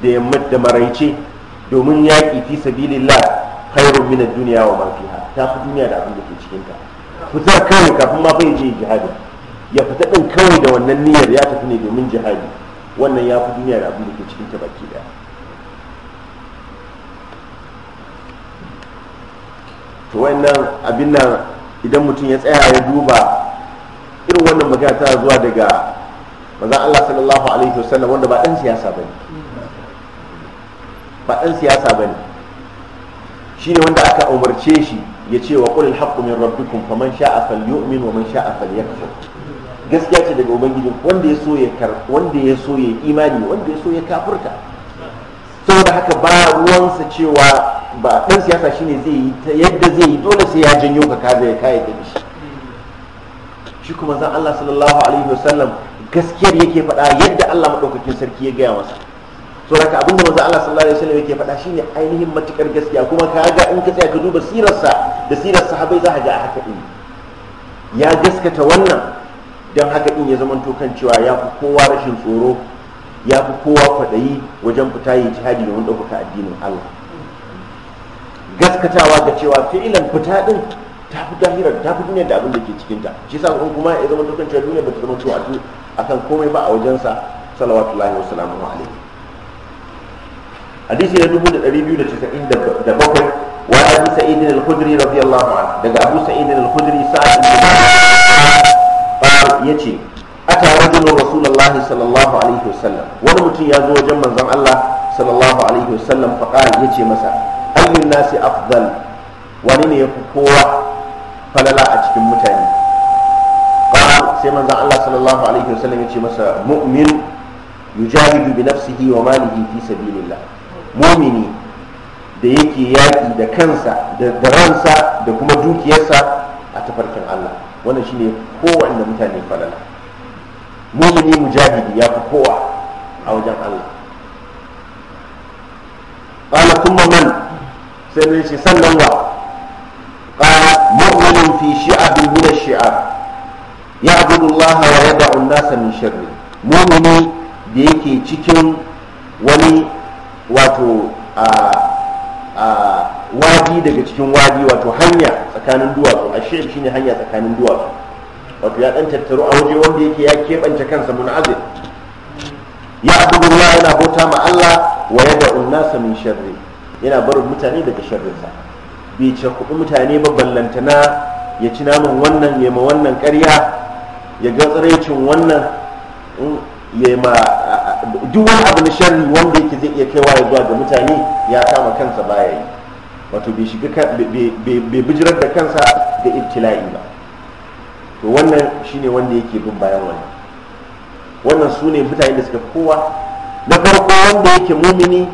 da yamma da maraice domin yaƙi fi sabilillah khairun min ad-dunya wa ma fiha ta fi duniya da abin da ke cikin ta fitar kawai kafin ma bai je jihadi ya fita din kawai da wannan niyyar ya tafi ne domin jihadi wannan ya fi duniya da abin da ke cikin ta baki daya to wannan abin nan idan mutum ya tsaya ya duba irin wannan magana ta zuwa daga manzon Allah sallallahu alaihi wasallam wanda ba dan siyasa bane ba dan siyasa bane shine wanda aka umarce shi ya ce wa qul haqqu min rabbikum faman sha'a falyu'min wa man sha'a falyakfur gaskiya ce daga ubangiji wanda ya so ya kar wanda ya so ya imani wanda ya so ya kafurta saboda haka ba ruwansa cewa ba dan siyasa shine zai yi ta yadda zai yi dole sai ya janyo ka kaza ya kai da shi shi kuma zan Allah sallallahu alaihi wasallam gaskiyar yake faɗa yadda Allah madaukakin sarki ya gaya masa so haka abin da manzo Allah sallallahu alaihi wasallam yake faɗa shine ainihin matukar gaskiya kuma ka ga in ka tsaya ka duba sirarsa da sirar sahabbai za ka ga haka din ya gaskata wannan dan haka din ya zama kan cewa ya fi kowa rashin tsoro ya fi kowa kwaɗayi wajen fita yi jihadi domin ɗaukaka addinin Allah gaskatawa ga cewa fi'ilan fita din ta fi dahirar ta fi duniya da abin da ke cikinta shi sa kuma ya zama kan cewa duniya ba ta zama cewa akan komai ba a wajensa salawatullahi wa salamu alaihi hadisi na dubu da da da biyu inda 2297 wa abu sa'id al-khudri radiyallahu anhu daga abu sa'id al-khudri sa'id ibn yace ata rajulun rasulullahi sallallahu alaihi wasallam wani mutum ya zo wajen manzon Allah sallallahu alaihi wasallam fa qala yace masa ayyun nasi afdal wani ne yafi kowa falala a cikin mutane qala sai manzon Allah sallallahu alaihi wasallam yace masa mu'min yujahidu bi nafsihi wa malihi fi sabilillah mumini da yake yaƙi da kansa da ransa da kuma dukiyarsa a tafarkin Allah wannan shine kowanne mutane falala mumini mujahidi ya fi kowa a wajen Allah qala kuma man sai ne shi sannan wa qala mu'minun fi shi'abin min ash-shi'ab ya'budu Allah wa yad'u an-nasa min sharri mumini da yake cikin wani wato wadi daga cikin wadi wato hanya tsakanin duwatsu a shi shine hanya tsakanin duwatsu wato ya dan tattaro a waje wanda yake ya keɓance kansa munazir ya abudullah yana bauta ma Allah wa yada'u unnasa min sharri yana barin mutane daga sharrinsa bai ce kuɗi mutane ba ballantana ya ci naman wannan ya ma wannan ƙarya ya ga tsiraicin wannan ya ma duk wani abu na sharri wanda yake zai iya kaiwa ya zuwa ga mutane ya kama kansa baya yi wato bai shiga bai bijirar da kansa da ibtila'i ba to wannan shine wanda yake bin bayan wannan wannan su ne mutane da suka kowa na farko wanda yake mumini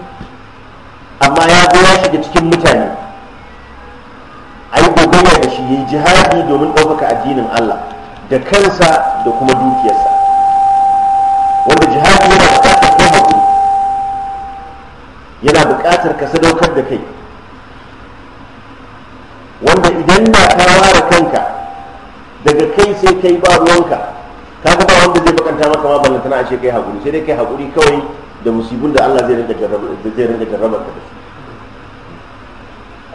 amma ya zo ya shiga cikin mutane a yi gogayya da shi ya yi jihadi domin ɗaukaka addinin Allah da kansa da kuma dukiyarsa wanda jihadi yana buƙatar ka sadaukar da kai wanda idan na ka ware kanka daga kai sai kai ba ruwanka ka ba wanda zai bakanta maka ma ballanta na ce kai haƙuri sai dai kai haƙuri kawai da musibin da Allah zai rinka jarrabar ka da su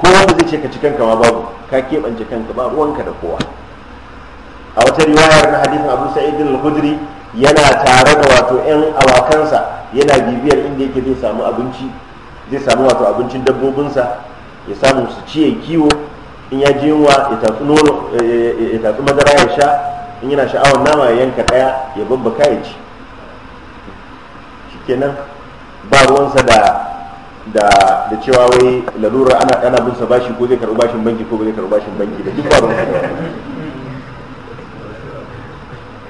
ko wanda zai ce ka ci kanka ma babu ka keɓance kanka ba ruwanka da kowa a wata riwayar na hadisin abu sa'id al-khudri yana tare da wato 'yan awakansa yana bibiyar inda yake zai samu abinci zai samu wato abincin dabbobinsa ya samu su ciye kiwo in ya ji yunwa ya tafi ya madara ya sha in yana sha'awar nama ya yanka ɗaya ya babba ya ci shikenan ba ruwansa da da da cewa wai lalura ana ana bin sa bashi ko zai karɓi bashin banki ko zai karɓi bashin banki da duk ba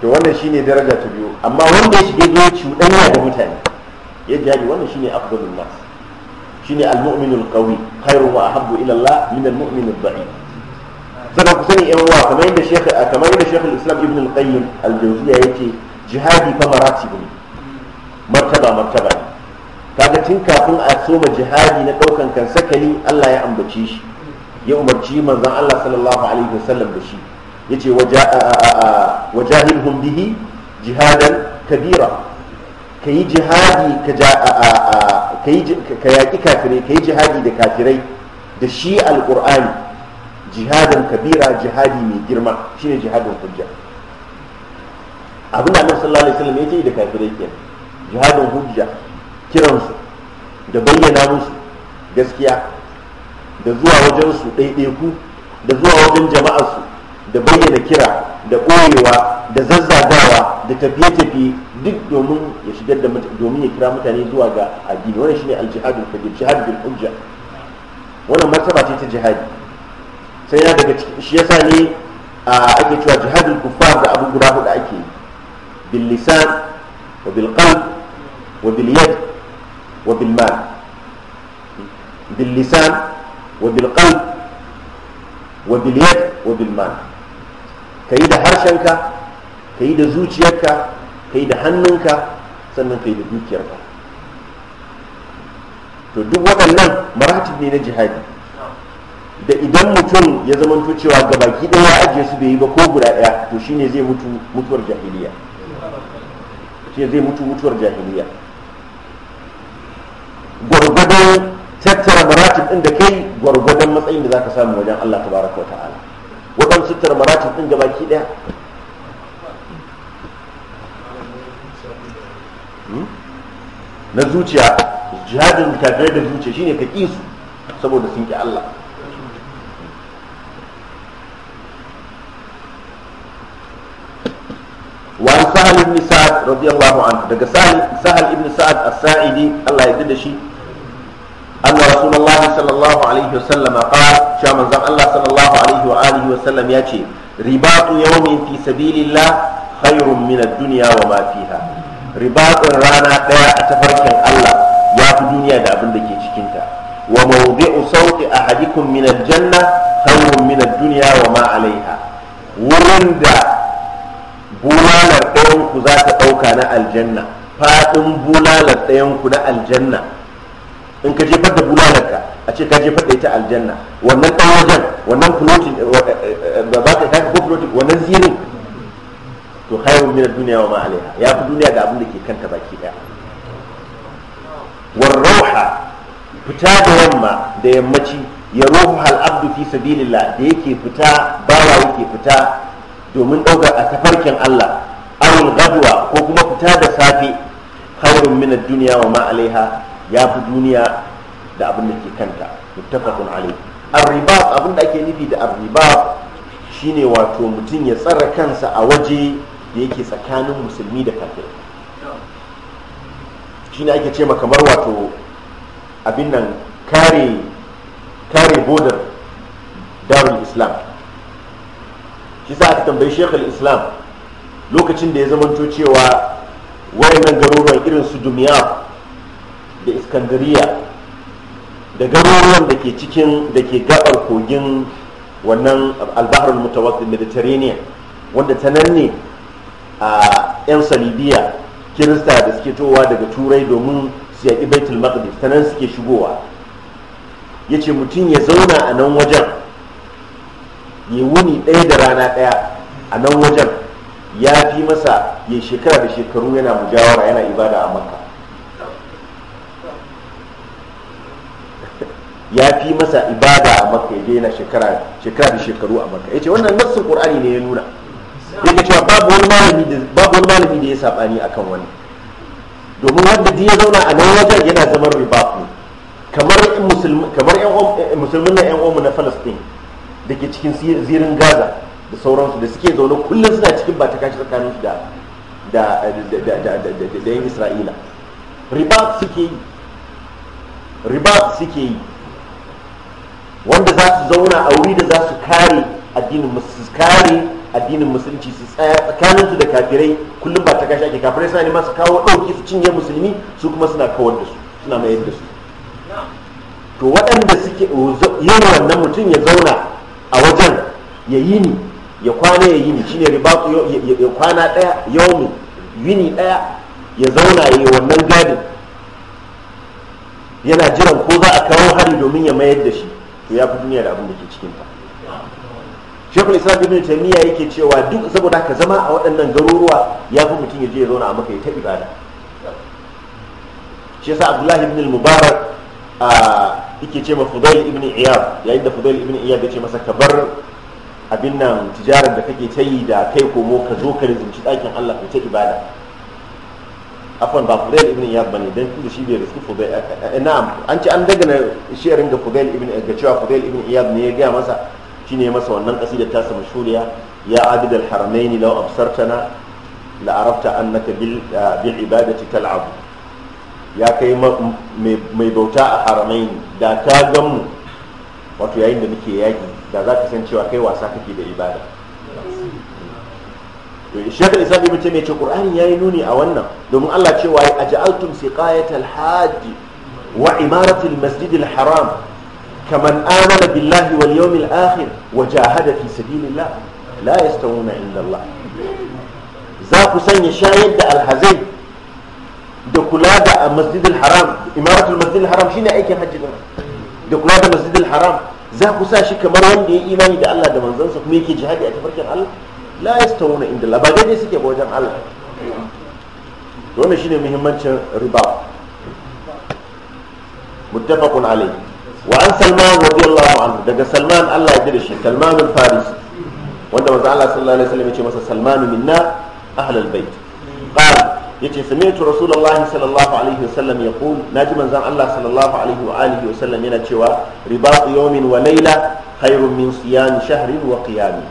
to wannan shine daraja ta biyu amma wanda ya shige ya cuɗanya da mutane ya jaji wannan shine afdalun nas shine al-mu'minul qawi khairu wa ahabbu ila Allah min al-mu'minid da'if saka ku sani yan uwa kamar yadda shekhu kamar yadda shekhu al-islam ibn al-qayyim al jawziya yake jihadi fa maratib ne martaba martaba ne kaga tun kafin a soma jihadi na daukan kan sakali Allah ya ambace shi ya umarci manzon Allah sallallahu alaihi wasallam da shi yace wajahilhum bihi jihadan kabira kayi jihadi ka ka yaƙi kafirai ka yi jihadi da kafirai da shi alƙur'ani jihadin kabira jihadi mai girma shine jihadin hujja abin da annabi sallallahu alaihi wasallam yake da kafirai ke jihadin hujja kiransu da bayyana musu gaskiya da zuwa wajen su ɗaiɗaiku da zuwa wajen jama'arsu da bayyana kira da ƙoyewa da zazzagawa da tafiye-tafiye duk domin ya shigar da domin ya kira mutane zuwa ga addini wannan shine al-jihadul kabir jihad bil hujja wannan martaba ce ta jihadi sai ya daga cikin shi yasa ne ake cewa jihadul kuffar da abu guda hudu ake bil lisan wa bil qalb wa bil yad wa bil mal bil lisan wa bil qalb wa bil yad wa bil mal kai da harshenka kai da zuciyarka kai da hannunka sannan kai da dukiyarka to duk waɗannan maratib ne na jihadi da idan mutum ya zamanto cewa gabaki ɗaya ajiye su bai yi ba ko guda ɗaya to shine zai mutu mutuwar jahiliya shine zai mutu mutuwar jahiliya gwargwadon tattara maratib ɗin da kai gwargwadon matsayin da zaka samu wajen Allah tabaraka wa ta'ala waɗansu tattara maratib ɗin baki ɗaya na zuciya jihadin tare da zuciya shine ka ƙi su saboda sun ƙi Allah wa sahal ibn sa'ad radiyallahu anhu daga sahal ibn sa'ad as-sa'idi Allah ya ji da shi anna rasulullah sallallahu alaihi wasallam qala cha manzon Allah sallallahu alaihi wa alihi wasallam yace ribatu yawmin fi sabilillah khairun mina duniya dunya wa ma fiha ribatsin rana ɗaya a tafarkin Allah ya fi duniya da abin da ke cikinta wa mawdi'u sawti ahadikum min aljanna khayrun min ad-dunya wa ma 'alayha wurin da bulalar ɗayan ku za ta ɗauka na aljanna faɗin bulalar ɗayan ku na aljanna in ka jefar da bulalar ka a ce ka jefar da ita aljanna wannan ɗan wajen wannan floating eh, eh, eh, ba ka ko floating wannan zirin to khairun min ad-dunya wa ma 'alayha ya fi duniya da abin da ke kanta baki daya war ruha fita da yamma da yammaci ya ruhu hal abdu fi sabilillah da yake fita bawa yake fita domin daukar a tafarkin Allah awul gadwa ko kuma fita da safe khairun min ad-dunya wa ma 'alayha ya fi duniya da abin da ke kanta muttafaqun alayhi abin da ake nufi da arribat shine wato mutum ya tsara kansa a waje da yake tsakanin musulmi da shi ne ake ce kamar wato abin nan kare kare bodar darul islam shi za a tambayi shekul islam lokacin da ya zamanto cewa wayannan garuruwan irin su dumiya da iskandariya da garuruwan da ke cikin da ke gabar kogin wannan albahar mutawassit mediterranean wanda ta nan ne a 'yan salibiya kirista da suke towa daga turai domin su yaƙi baitul maqdis ta nan suke shigowa ya ce mutum ya zauna a nan wajen ya wuni ɗaya da rana ɗaya a nan wajen ya fi masa ya shekara da shekaru yana mujawara yana ibada a makka ya fi masa ibada a makka ya je yana shekara da shekaru a makka ya ce wannan nassin ƙur'ani ne ya nuna yake cewa babu wani malami da babu wani malami da ya sabani akan wani domin wanda ya zauna a nan wajen yana zaman ribab ne kamar kamar yan eh, musulmin na yan uwanmu na Palestine da ke cikin zirin Gaza da sauransu da suke zaune kullum suna cikin ba ta kashi tsakanin su da da da yan Isra'ila ribab suke yi ribat suke yi wanda za su zauna a wuri da za su kare addinin musulunci addinin musulunci su tsaya tsakanin su da kafirai kullum ba ta kashi ake kafirai suna neman su kawo ɗauki su cinye musulmi su kuma suna kawar da su suna mayar da su to waɗanda suke yin wannan mutum ya zauna a wajen ya yi ni ya kwana ya yi ni shine ribatu ya kwana ɗaya mu yini ɗaya ya zauna ya yi wannan gadin yana jiran ko za a kawo hari domin ya mayar da shi to ya fi duniya da abin da ke cikinta shekul islam ibn taymiya yake cewa duk saboda ka zama a waɗannan garuruwa ya fi mutum ya je ya zauna a maka ya ta ibada shi yasa abdullahi ibn mubarak a yake ce ma fudail ibn iyab yayin da fudail ibn iyab ya ce masa ka bar abin nan tijarar da kake ta yi da kai komo ka zo ka rizinci ɗakin allah ka ta ibada afwan ba fudail ibn iyab bane dan da shi bai riski fudail na'am an ce an daga dagana shi'arin ga fudail ibn ga cewa fudail ibn iyab ne ya gaya masa shine masa wannan kasidar tasa mashhuriya ya abid al-haramain law absartana la arafta annaka bil ah, bil ibadati tal'ab ya kai mai bauta a haramain da ka gan mu wato yayin da muke yaki da za ka san cewa kai wasa kake da ibada to shekar isa bai mace mai ce qur'ani yayi nuni a wannan domin Allah cewa aj'altum siqayatal hajj wa imaratil masjidil haram kaman amana billahi wal yawmil akhir wa jahada fi sabilillah la yastawuna illa Allah za ku sanya shayar da alhazai da kula da masjidil haram imaratul masjidil haram shine aikin hajji da da kula da masjidil haram za ku sa shi kamar wanda ya imani da Allah da manzansa kuma yake jihadi a tafarkin Allah la yastawuna inda Allah ba daidai suke ba wajen muhimmancin riba muttafaqun alayhi wa an salman radiyallahu anhu daga salman Allah ya ji da salman al-farisi wanda manzo Allah sallallahu alaihi wasallam ya ce masa salman minna ahlul bait qala yace sami'tu rasulullahi sallallahu alaihi wasallam yaqul naji manzan Allah sallallahu alaihi yana cewa ribatu yawmin wa layla khairun min siyam shahrin wa qiyam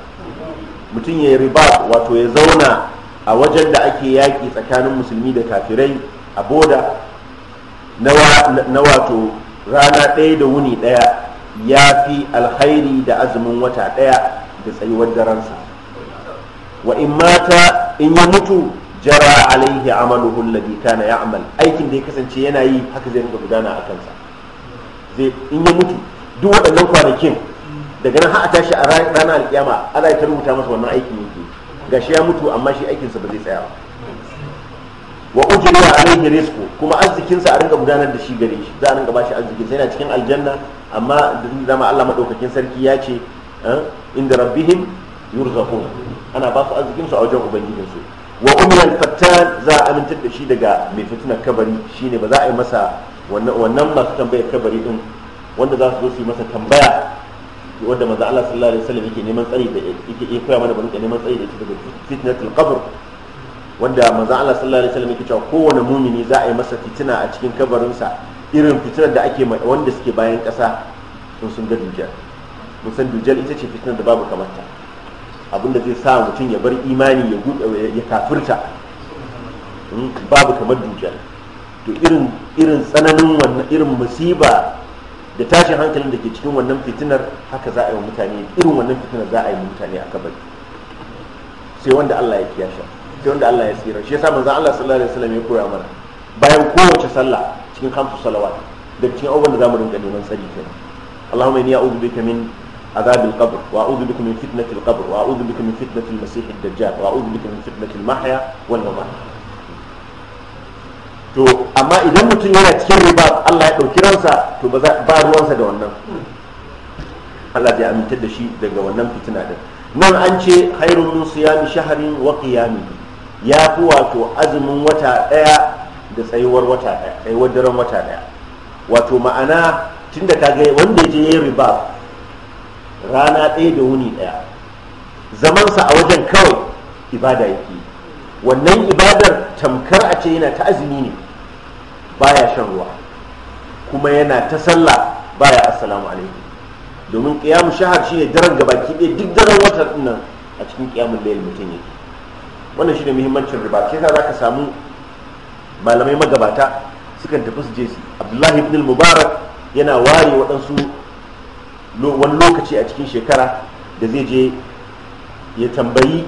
mutum ya ribat wato ya zauna a wajen da ake yaki tsakanin musulmi da kafirai a boda na wato rana ɗaya da wuni ɗaya ya fi alkhairi da azumin wata ɗaya da tsayuwar daransa wa in mata in ya mutu jara alaihi amaluhu alladhi kana ya'mal aikin da ya kasance yana yi haka zai rinka gudana a kansa zai in ya mutu duk waɗannan kwanakin daga nan har a tashi a ranar alkiyama ana ta rubuta masa wannan aikin yake gashi ya mutu amma shi aikinsa ba zai tsaya ba wa ujriya alayhi rizqu kuma arzikin sa a ringa gudanar da shi gare shi za a ringa bashi arzikin sa yana cikin aljanna amma da ma Allah madaukakin sarki ya ce eh, inda rabbihim yurzaqun ana ba su arzikin su a wajen ubangijin su wa umran fattan za a amintar da shi daga mai fitinar kabari shine ba za a yi masa wannan masu tambayar kabari din wanda za su zo su yi masa tambaya wanda manzo Allah sallallahu alaihi wasallam yake neman tsari da yake koya mana bani neman tsari da ita daga fitnatul qabr wanda manzo Allah sallallahu alaihi wasallam yake cewa kowane mumini za a yi masa fitina a cikin kabarinsa irin fitinar da ake wanda suke bayan ƙasa sun sun ga dujjal mun san dujjal ita ce fitinar da babu kamar ta abinda zai sa mutum ya bar imani ya ya kafirta hmm, babu kamar dujjal to irin irin tsananin wannan irin musiba da tashin hankalin da ke cikin wannan fitinar haka za a yi wa mutane irin wannan fitinar za a yi mutane a kabari sai wanda Allah ya kiyasha sai wanda Allah ya tsira shi yasa manzon Allah sallallahu alaihi wasallam ya koya mana bayan kowace sallah cikin hamsu salawat da cikin abubuwan da zamu rinka neman tsari kenan Allahumma inni a'udhu bika min عذاب القبر واعوذ بك من فتنه القبر واعوذ بك من فتنه المسيح الدجال واعوذ بك من فتنه المحيا والممات to amma idan mutum yana cikin riba Allah ya ɗauki ransa to ba ruwansa da wannan Allah zai amintar da shi daga wannan fitina din nan an ce khairun min siyami shahrin wa qiyami ya fi wato azumin wata ɗaya da tsayuwar wata ɗaya tsayuwar daren wata ɗaya wato ma'ana tun da kaga wanda ya je ya riba rana ɗaya da wuni ɗaya zamansa a wajen kawai ibada yake wannan ibadar tamkar a ce yana ta azumi ne baya shan ruwa kuma yana ta sallah baya assalamu alaikum domin ƙiyamu shahar shi ne daren gabaki ɗaya duk daren watan nan a cikin ƙiyamun layin mutum yake wannan shine muhimmancin riba sai za ka samu malamai magabata sukan tafi su je su abdullahi ibn mubarak yana ware waɗansu wani lokaci a cikin shekara da zai je ya tambayi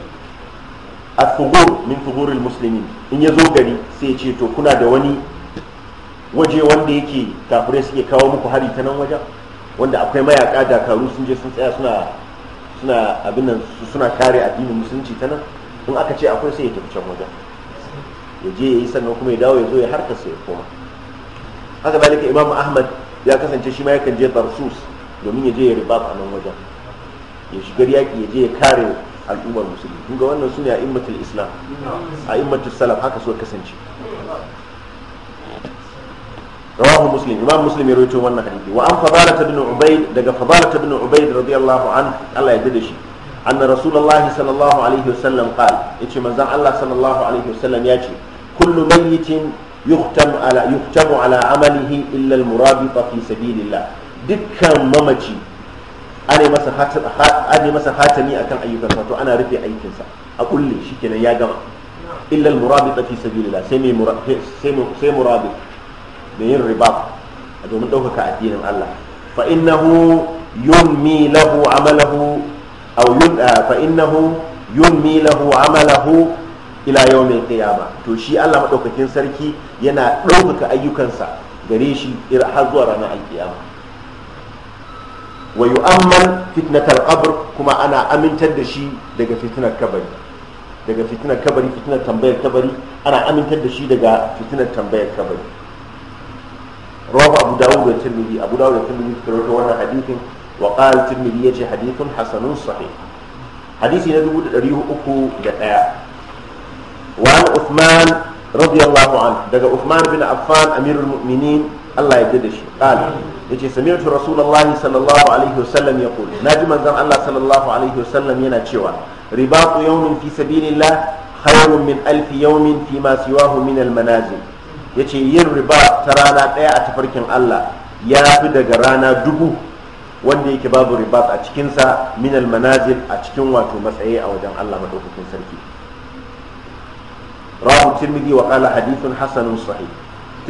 al-fugur min fuguril muslimin in ya zo gari sai ya ce to kuna da wani waje wanda yake kafirai suke kawo muku hari ta nan wajen wanda akwai mayaka dakaru sun je sun tsaya suna suna suna kare addinin musulunci ta nan in aka ce akwai sai ya tafi can wajen ya je ya yi sannan kuma ya dawo ya zo ya harkar sai ya koma haka zalika imamu ahmad ya kasance shi ma yakan je tarsus domin ya je ya riba a nan wajen ya shiga yaƙi ya je ya kare al'ummar musulmi kun ga wannan sune a immatul islam a immatul salam haka suka kasance rawahu muslim imam muslim ya rawaito wannan hadisi wa an fadala ibn ubayd daga fadala ibn ubayd radiyallahu anhu Allah ya yarda da shi أن رسول الله صلى الله عليه وسلم قال إيش من الله صلى الله عليه وسلم يأتي كل ميت يختم على يختم على عمله إلا المرابط في سبيل الله دكا ممتي أنا مثلا خاتم أنا مثلا خاتمي أكن أيك فاتو أنا رفي أيك سا أقول لي شيء كنا يا جماعة إلا المرابط في سبيل الله سمي مرابط سمي مرابط من رباط أدو من دوكا الدين الله فإنه ينمي له عمله aw fa innahu yunmi lahu amalahu ila yawmil qiyama to shi Allah madaukakin sarki yana ɗaukaka ayyukansa gare shi har zuwa ranar alkiyama wa yu'ammal fitnatal qabr kuma ana amintar da shi daga fitnar kabari daga fitnar kabari fitnar tambayar kabari ana amintar da shi daga fitnar tambayar kabari rawa abu dawud da tirmidhi abu dawud da tirmidhi suka rawaito wannan hadithin wa qala tirmidhi yace hadithun hasanun sahih hadisi na 301 ɗaya an uthman radiyallahu anhu daga uthman bin affan amirul mu'minin Allah ya da shi qala yace sami'tu rasulullahi sallallahu alaihi wasallam yaqul naji manzon Allah sallallahu alaihi wasallam yana cewa ribatu yawmin fi sabilillah khayrun min alf yawmin fi ma yace yin riba ta rana ɗaya a tafarkin Allah ya fi daga rana dubu wanda yake babu ribat a cikinsa minal almanazil a cikin wato matsayi a wajen Allah madaukakin sarki rahu tirmidhi wa qala hadithun hasanun sahih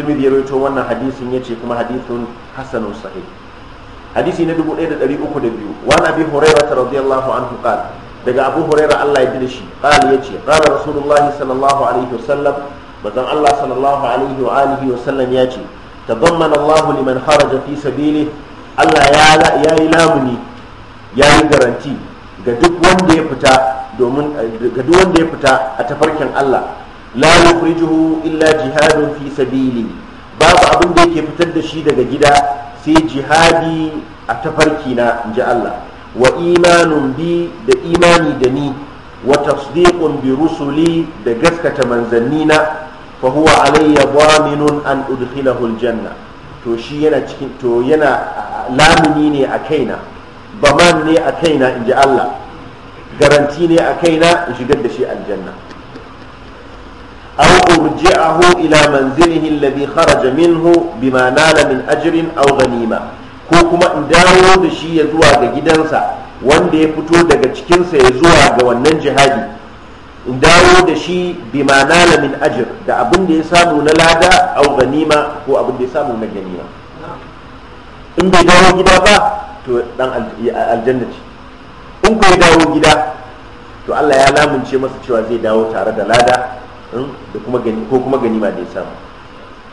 tirmidhi ya rawaito wannan hadisin yace kuma hadithun hasanun sahih hadisi na 1302 wa nabi hurairah radiyallahu anhu qala daga abu hurairah Allah ya ji shi qala yace qala rasulullah sallallahu alaihi wasallam bazan Allah sallallahu alaihi wa alihi wasallam yace تضمن الله لمن خرج في سبيله allah ya yi lamuni ya yi garanti ga duk wanda ya fita domin ga duk wanda ya fita a tafarkin allah la yukhrijuhu illa jihadun fi sabili babu abin da yake fitar da shi daga gida sai jihadi a tafarki na inji allah wa imanun bi da imani da ni wa tasdiqun bi rusuli da gaskata na, fa huwa alayya dhaminun an udkhilahu aljanna to shi yana cikin to yana lamuni ne a kaina baman ne a kaina in ji Allah garanti ne a kaina in shigar da shi aljanna aw urji'ahu ila manzilihi alladhi kharaja minhu bima nala min ajrin aw ghanima ko kuma in dawo da shi ya zuwa ga gidansa wanda ya fito daga cikinsa ya zuwa ga wannan jihadi in dawo da shi bima nala min ajr da abin da ya samu na lada aw ghanima ko abin da ya samu na ganima in bai dawo gida ba to dan aljanna ce in ko ya dawo gida to Allah ya lamunce masa cewa zai dawo tare da lada hmm, da kuma gani ko kuma ma da ya samu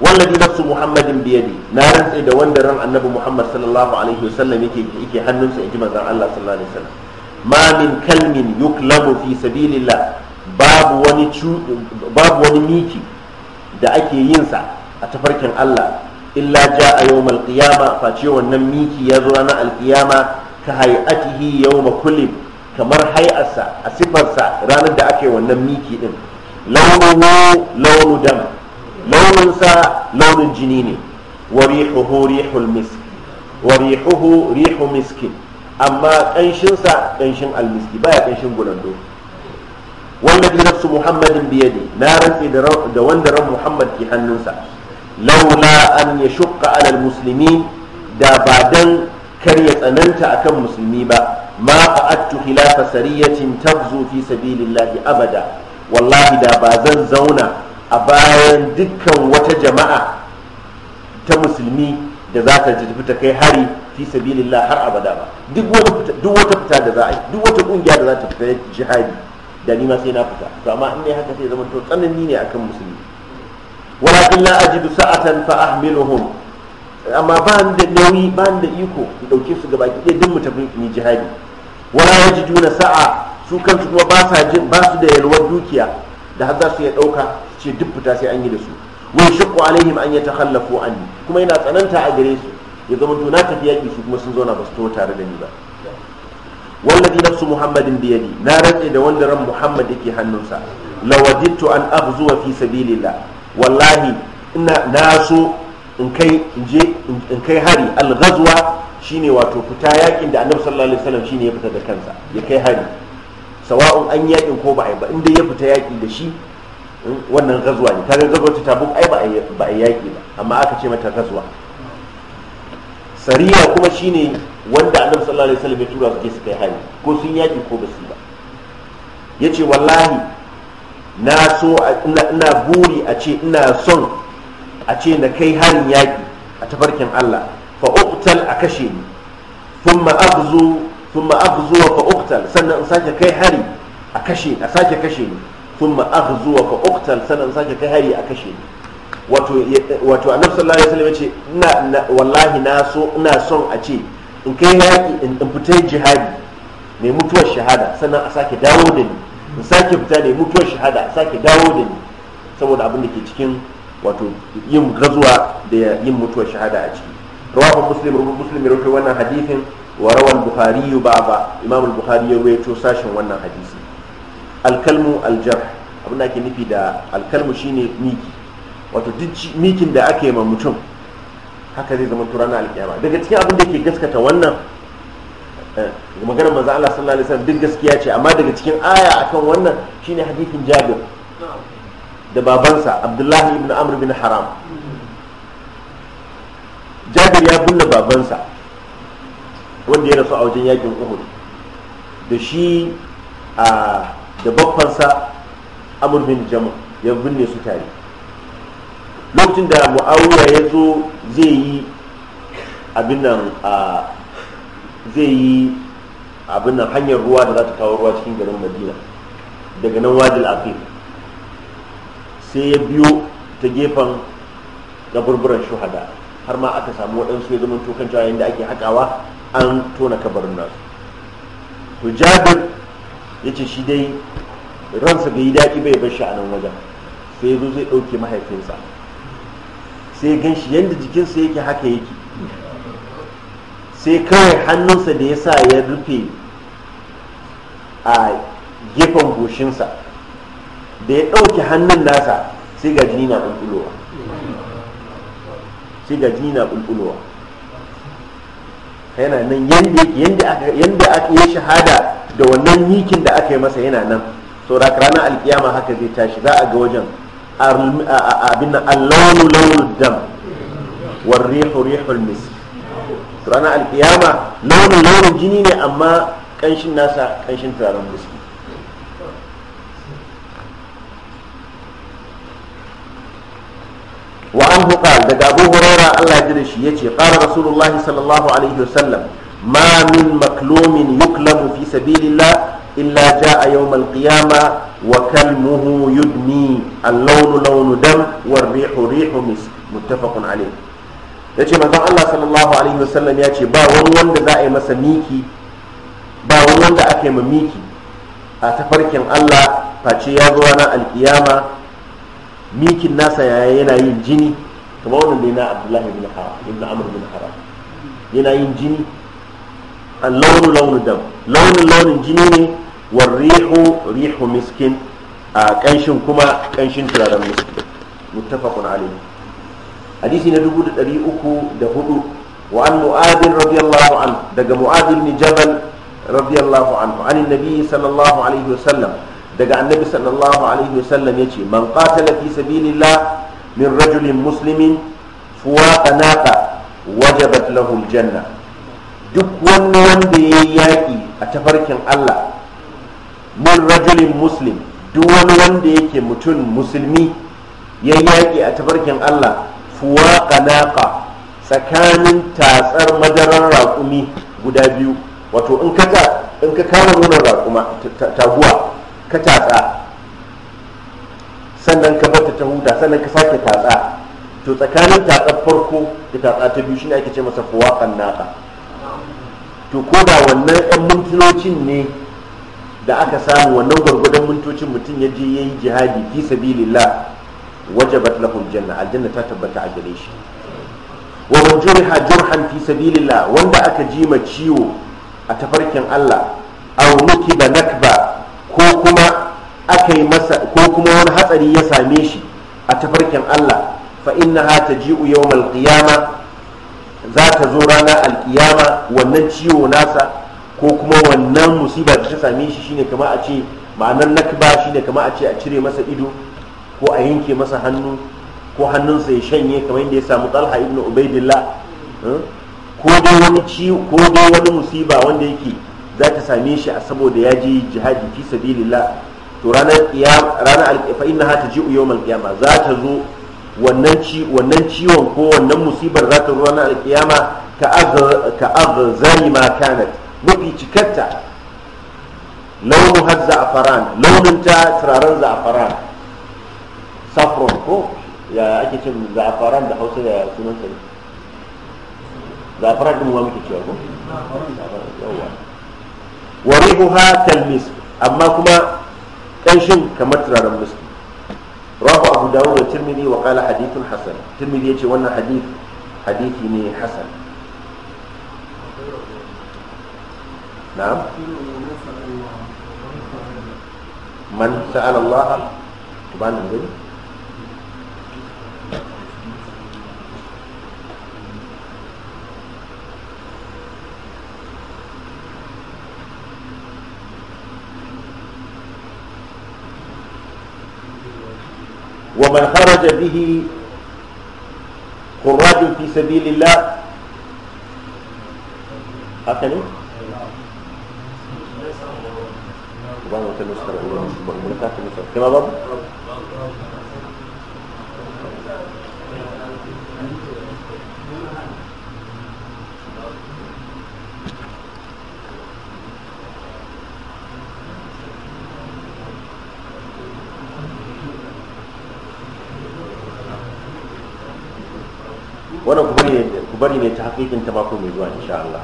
da nafsu muhammadin biyadi na rantse da wanda ran annabi muhammad sallallahu alaihi wasallam yake yake hannunsa yake ji manzon Allah sallallahu alaihi wasallam ma min kalmin yuklamu fi sabilillah babu wani babu wani miki da ake yin sa a tafarkin Allah illa a yawmal qiyama face wannan miki ya zo ranar alkiyama ka hay'atihi yawma kulli kamar hay'arsa a sifarsa ranar da ake wannan miki din launuhu launu dam launinsa launin jini ne wa rihuhu rihul miski wa rihuhu rihu miskin amma ƙanshinsa ƙanshin almiski baya ƙanshin gulando wanda nafsu muhammadin biyadi na rantse da wanda ran muhammad ke hannunsa laula an ya shukka alal musulmi da ba dan kar ya tsananta akan musulmi ba ma fa'attu khilafa sariyatin tabzu fi sabilillahi abada wallahi da ba zan zauna a bayan dukkan wata jama'a ta musulmi da za ta ji fita kai hari fi sabilillah har abada ba duk wata fita da za a yi duk wata kungiya da za ta fita jihadi da ni ma sai na fita to amma in ne haka sai zama to tsanani ne akan musulmi walakin la ajidu sa'atan fa ahmiluhum amma ba ni da nauyi ba ni da iko in dauke su gaba ɗaya din mu tafi ni jihadi wala na sa'a su kansu kuma ba sa jin ba su da yalwar dukiya da har za su ya dauka ce duk fita sai an yi da su wai shakku alaihim an ya yatakhallafu anni kuma yana tsananta a gare su ya zama to na tafi yaki su kuma sun zauna ba su to tare da ni ba wallazi nafsu muhammadin biyadi na rantse da wanda ran muhammad yake hannunsa lawajidtu an abzuwa fi sabilillah wallahi ina na so in kai je in kai hari al-ghazwa shine wato fita yakin da annabi sallallahu alaihi wasallam shine ya fita da kansa ya kai hari sawa'un an yakin ko ba a yi ba inda ya fita yaki da shi wannan gazuwa ne kaga gazuwa ta tabuk ai ba a yaki ba amma aka ce mata gazuwa sariya kuma shine wanda annabi sallallahu alaihi wasallam ya tura su je su kai hari ko sun yaki ko ba su ba yace wallahi na so ina buri a ce ina son a ce na kai harin yaƙi a tafarkin Allah fa uqtal a kashe ni thumma abzu thumma abzu wa fa uqtal sannan in sake kai hari a kashe a sake kashe ni thumma aghzu wa fa uqtal sannan in sake kai hari a kashe ni wato wato annabi sallallahu alaihi wasallam yace ina wallahi na so ina son a ce in kai yaƙi in fita jihadi mai mutuwar shahada sannan a sake dawo da ni in sake fita da mutuwar shahada sake dawo da ni saboda abin da ke cikin wato yin razuwa da yin mutuwar shahada a ciki rawahu muslim rubu muslim ya wannan hadithin wa rawan bukhari ba ba imam ya rawaito sashin wannan hadisi alkalmu aljar abin da ake nufi da alkalmu shine miki wato duk mikin da ake ma mutum haka zai zama turana alkiyama daga cikin abin da ke gaskata wannan Eh, magana maza Allah sallallahu alaihi wasallam duk gaskiya ce amma daga cikin aya akan wannan shine hadithin Jabir da babansa Abdullahi ibn Amr bin Haram Jabir ya bulla babansa wanda ya rasu a wajen yakin Uhud da shi a da babansa Amr bin ya binne su tare lokacin da Muawiya ya zo zai yi abin nan a zai yi abin nan hanyar ruwa da za ta kawo ruwa cikin garin madina daga nan wajil afir sai ya biyo ta gefen gaburburan shuhada har ma aka samu waɗansu ya zama tokan cewa yadda ake haƙawa an tona kabarin nasu to jabir ya ce shi dai ransa bai yi daɗi bai bar shi a nan wajen sai ya zo zai ɗauke mahaifinsa sai ya gan shi yadda jikinsa yake haka yake sai kawai hannunsa da ya sa ya rufe a gefen goshinsa da ya ɗauke hannun nasa sai ga jini na ɓulɓulowa sai ga jini na ɓulɓulowa yana nan yadda aka yi shahada da wannan yikin da aka yi masa yana nan saura ranar alkiyama haka zai tashi za a ga wajen abin allonu launin dam warrihu rihul ranar alkiyama launin launin jini ne amma kanshin nasa kanshin turaren biski. wa an hukal daga abu allah ya ji da shi ya ce ƙara rasulullahi sallallahu alaihi wasallam ma min maklomin yuklamu fi sabilillah illa ja'a yawmal qiyama wa kalmuhu yudni al dan lawnu dam war rihu rihu misk muttafaqun ya ce manzon Allah sallallahu alaihi wasallam ya ce ba wani wanda za a yi masa miki ba wani wanda aka yi ma miki a tafarkin Allah face ya zo ranar alkiyama mikin nasa yaya yana yin jini kamar wannan da yana Abdullahi bin Haram ibn Amr bin Haram yana yin jini a launu launu dam launin launin jini ne war rihu rihu miskin a kanshin kuma kanshin turaren miskin muttafaqun alaihi hadisi na dubu da ɗari uku da hudu wa an mu'adin radiyallahu an daga mu'adin ni jabal radiyallahu anhu an nabi sallallahu alaihi wasallam daga annabi sallallahu alaihi wasallam yace man qatala fi sabilillah min rajulin muslimin fuwaqa naqa wajabat lahu aljanna duk wani wanda ya yaki a tafarkin Allah min rajulin muslim duk wani wanda yake mutum musulmi ya yaƙi a tafarkin Allah Kuwa kanaka tsakanin tatsar madarar raƙumi guda biyu wato in ka in ka kama nuna raƙuma taguwa ka tatsa sannan ka bata ta huta sannan ka sake tatsa to tsakanin tatsar farko da tatsa ta biyu shine ake ce masa fuwa kanaka to ko ba wannan yan mintocin ne da aka samu wannan gwargwadon mintocin mutum ya je ya yi jihadi fi sabilillah wajabat lahul janna aljanna ta tabbata a gare shi wa man juriha jurhan fi sabilillah wanda aka jima ciwo a tafarkin Allah aw nukiba nakba ko kuma aka yi masa ko kuma wani hatsari ya same shi a tafarkin Allah fa innaha taji'u yawmal qiyama za ta zo ranar alkiyama wannan ciwo nasa ko kuma wannan musiba da ta same shi shine kamar a ce ma'anar nakba shine kamar a ce a cire masa ido ko a yanke masa hannu ko hannunsa ya shanye kamar yadda ya samu talha ibn ubaidillah eh? ko dai wani ciwo ko dai wani musiba wanda yake za ta same shi a saboda ya je jihadi fi sabilillah to ranar qiyam ranar alqifa innaha taji'u yawmal qiyama za ta zo wannan ci wannan ciwon ko wannan musibar za ta zo ranar alqiyama ka ka aghzari ma kanat mafi cikarta launu hazza afaran launin ta turaren za'afaran saffron ko ya ake cin za'afaran da hausa da sunan sa za'afaran din muke cewa ko yawa wa rihuha talmis amma kuma kanshin kamar turaren misk rahu abu dawud da tirmidhi wa qala hadithun hasan tirmidhi yace wannan hadith hadithi ne hasan na'am man sa'ala Allah subhanahu wa ومن خرج به خراج في سبيل الله أخني كما برضه wannan ku bari ne ku bari ne ta hakikin ta mako mai zuwa insha Allah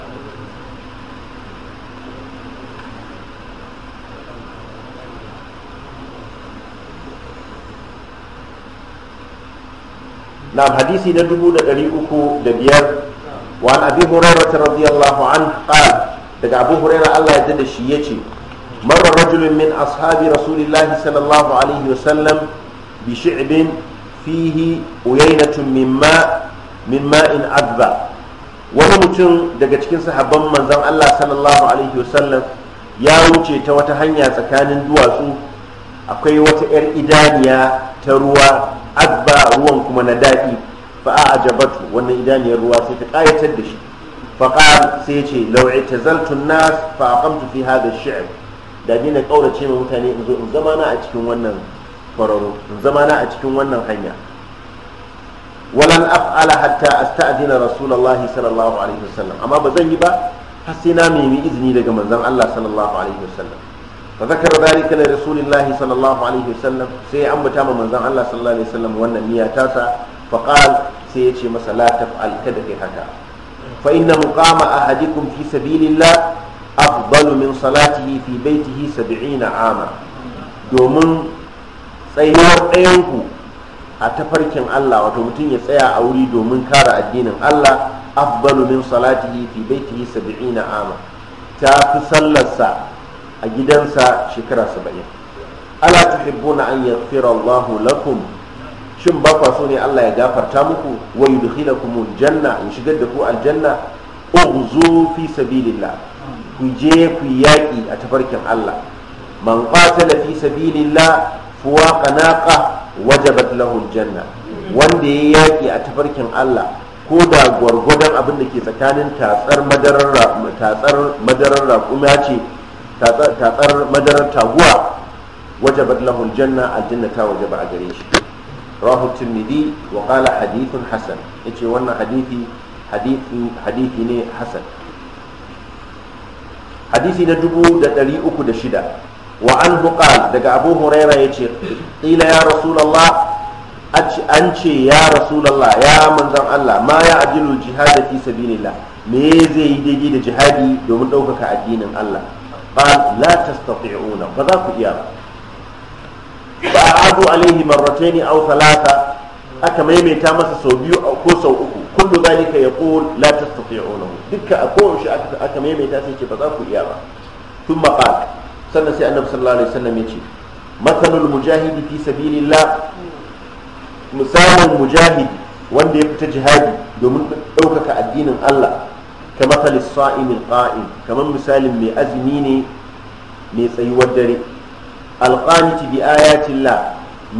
نعم حديثي ندبو دقري أكو دبيار وعن أبي هريرة رضي الله عنه قال دقى أبو هريرة الله يدد الشيئتي مر رجل من أصحاب رسول الله صلى الله عليه وسلم بشعب فيه أيينة من ماء min ma'in azba wani mutum daga cikin sahabban manzon Allah sallallahu alaihi wasallam ya wuce ta wata hanya tsakanin duwatsu akwai wata 'yar idaniya ta ruwa azba ruwan kuma na daɗi fa a ajabatu wannan idaniyar ruwa sai ta ƙayatar da shi faƙal sai ce law ta nas fa aqamtu fi hadha shi'r da ni na ƙaurace ma mutane in zo in na a cikin wannan in zamana a cikin wannan hanya walan af'ala hatta asta'dina rasulullahi sallallahu alaihi wasallam amma ba zan yi ba har sai na nemi izini daga manzon Allah sallallahu alaihi wasallam fa zakara dalika li rasulillahi sallallahu alaihi wasallam sai an bata ma manzon Allah sallallahu alaihi wasallam wannan niyya tasa fa qala sai ya ce masa la taf'al kada kai haka fa inna muqama ahadikum fi sabilillah afdalu min salatihi fi baitihi 70 ama domin tsayuwar ɗayanku a tafarkin Allah wato mutum ya tsaya a wuri domin kare addinin Allah afdalu min salatihi fi baitihi 70 ama ta fi sallarsa a gidansa shekara saba'in ala tuhibbuna an yaghfira Allah lakum shin ba kwa so ne Allah ya gafarta muku wa yudkhilakum aljanna in shigar da ku aljanna ughzu fi sabilillah ku je ku yaki a tafarkin Allah man qatala fi sabilillah fuwa qanaqa wajabat lahu janna wanda ya yaƙi a tafarkin Allah ko da gwargwadon abin da ke tsakanin tatsar madarar tatsar madarar ce tatsar madarar taguwa wajabat lahu aljanna aljanna ta wajaba a gare shi rahu tirmidhi wa qala hadithun hasan yace wannan hadithi hadithi hadithi ne hasan hadisi na dubu da ɗari uku da shida wa an buƙal daga abu huraira ya ce ƙila ya rasulallah an ce ya rasulallah ya manzan Allah ma ya ajilu jihada fi sabilillah me zai yi daidai da jihadi domin ɗaukaka addinin Allah ba la tastati'una ba za ku iya ba ba adu alaihi marratayn aw thalatha aka maimaita masa sau biyu ko sau uku kullu zalika yaqul la tastati'una dukkan a kowace aka maimaita sai ce ba za ku iya ba thumma qala sannan sai annabi sallallahu alaihi wasallam ya ce matsalul mujahidi fi sabilillah misalin mujahidi wanda ya fita jihadi domin ɗaukaka addinin Allah ka matsalis sa'imin qa'im kamar misalin mai azumi ne mai tsayuwar dare alqaniti bi ayatillah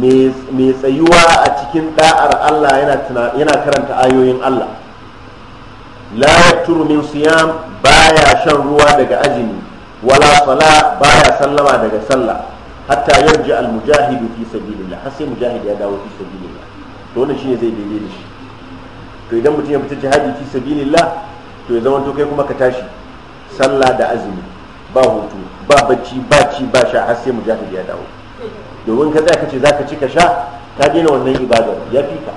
mai tsayuwa a cikin da'ar Allah yana karanta ayoyin Allah la yaturu min siyam baya shan ruwa daga azumi wala sala baya sallama daga sallah hatta yarji al mujahidu fi sabilillah har sai mujahid ya dawo fi sabilillah to wannan shine zai daidai da shi to idan mutum ya fita jihadi fi sabilillah to ya zama to kai kuma ka tashi sallah da azumi ba hutu ba bacci ba ci ba sha har sai mujahid ya dawo domin ka tsaya kace zaka ci ka sha ka daina wannan ibadar ya fi ka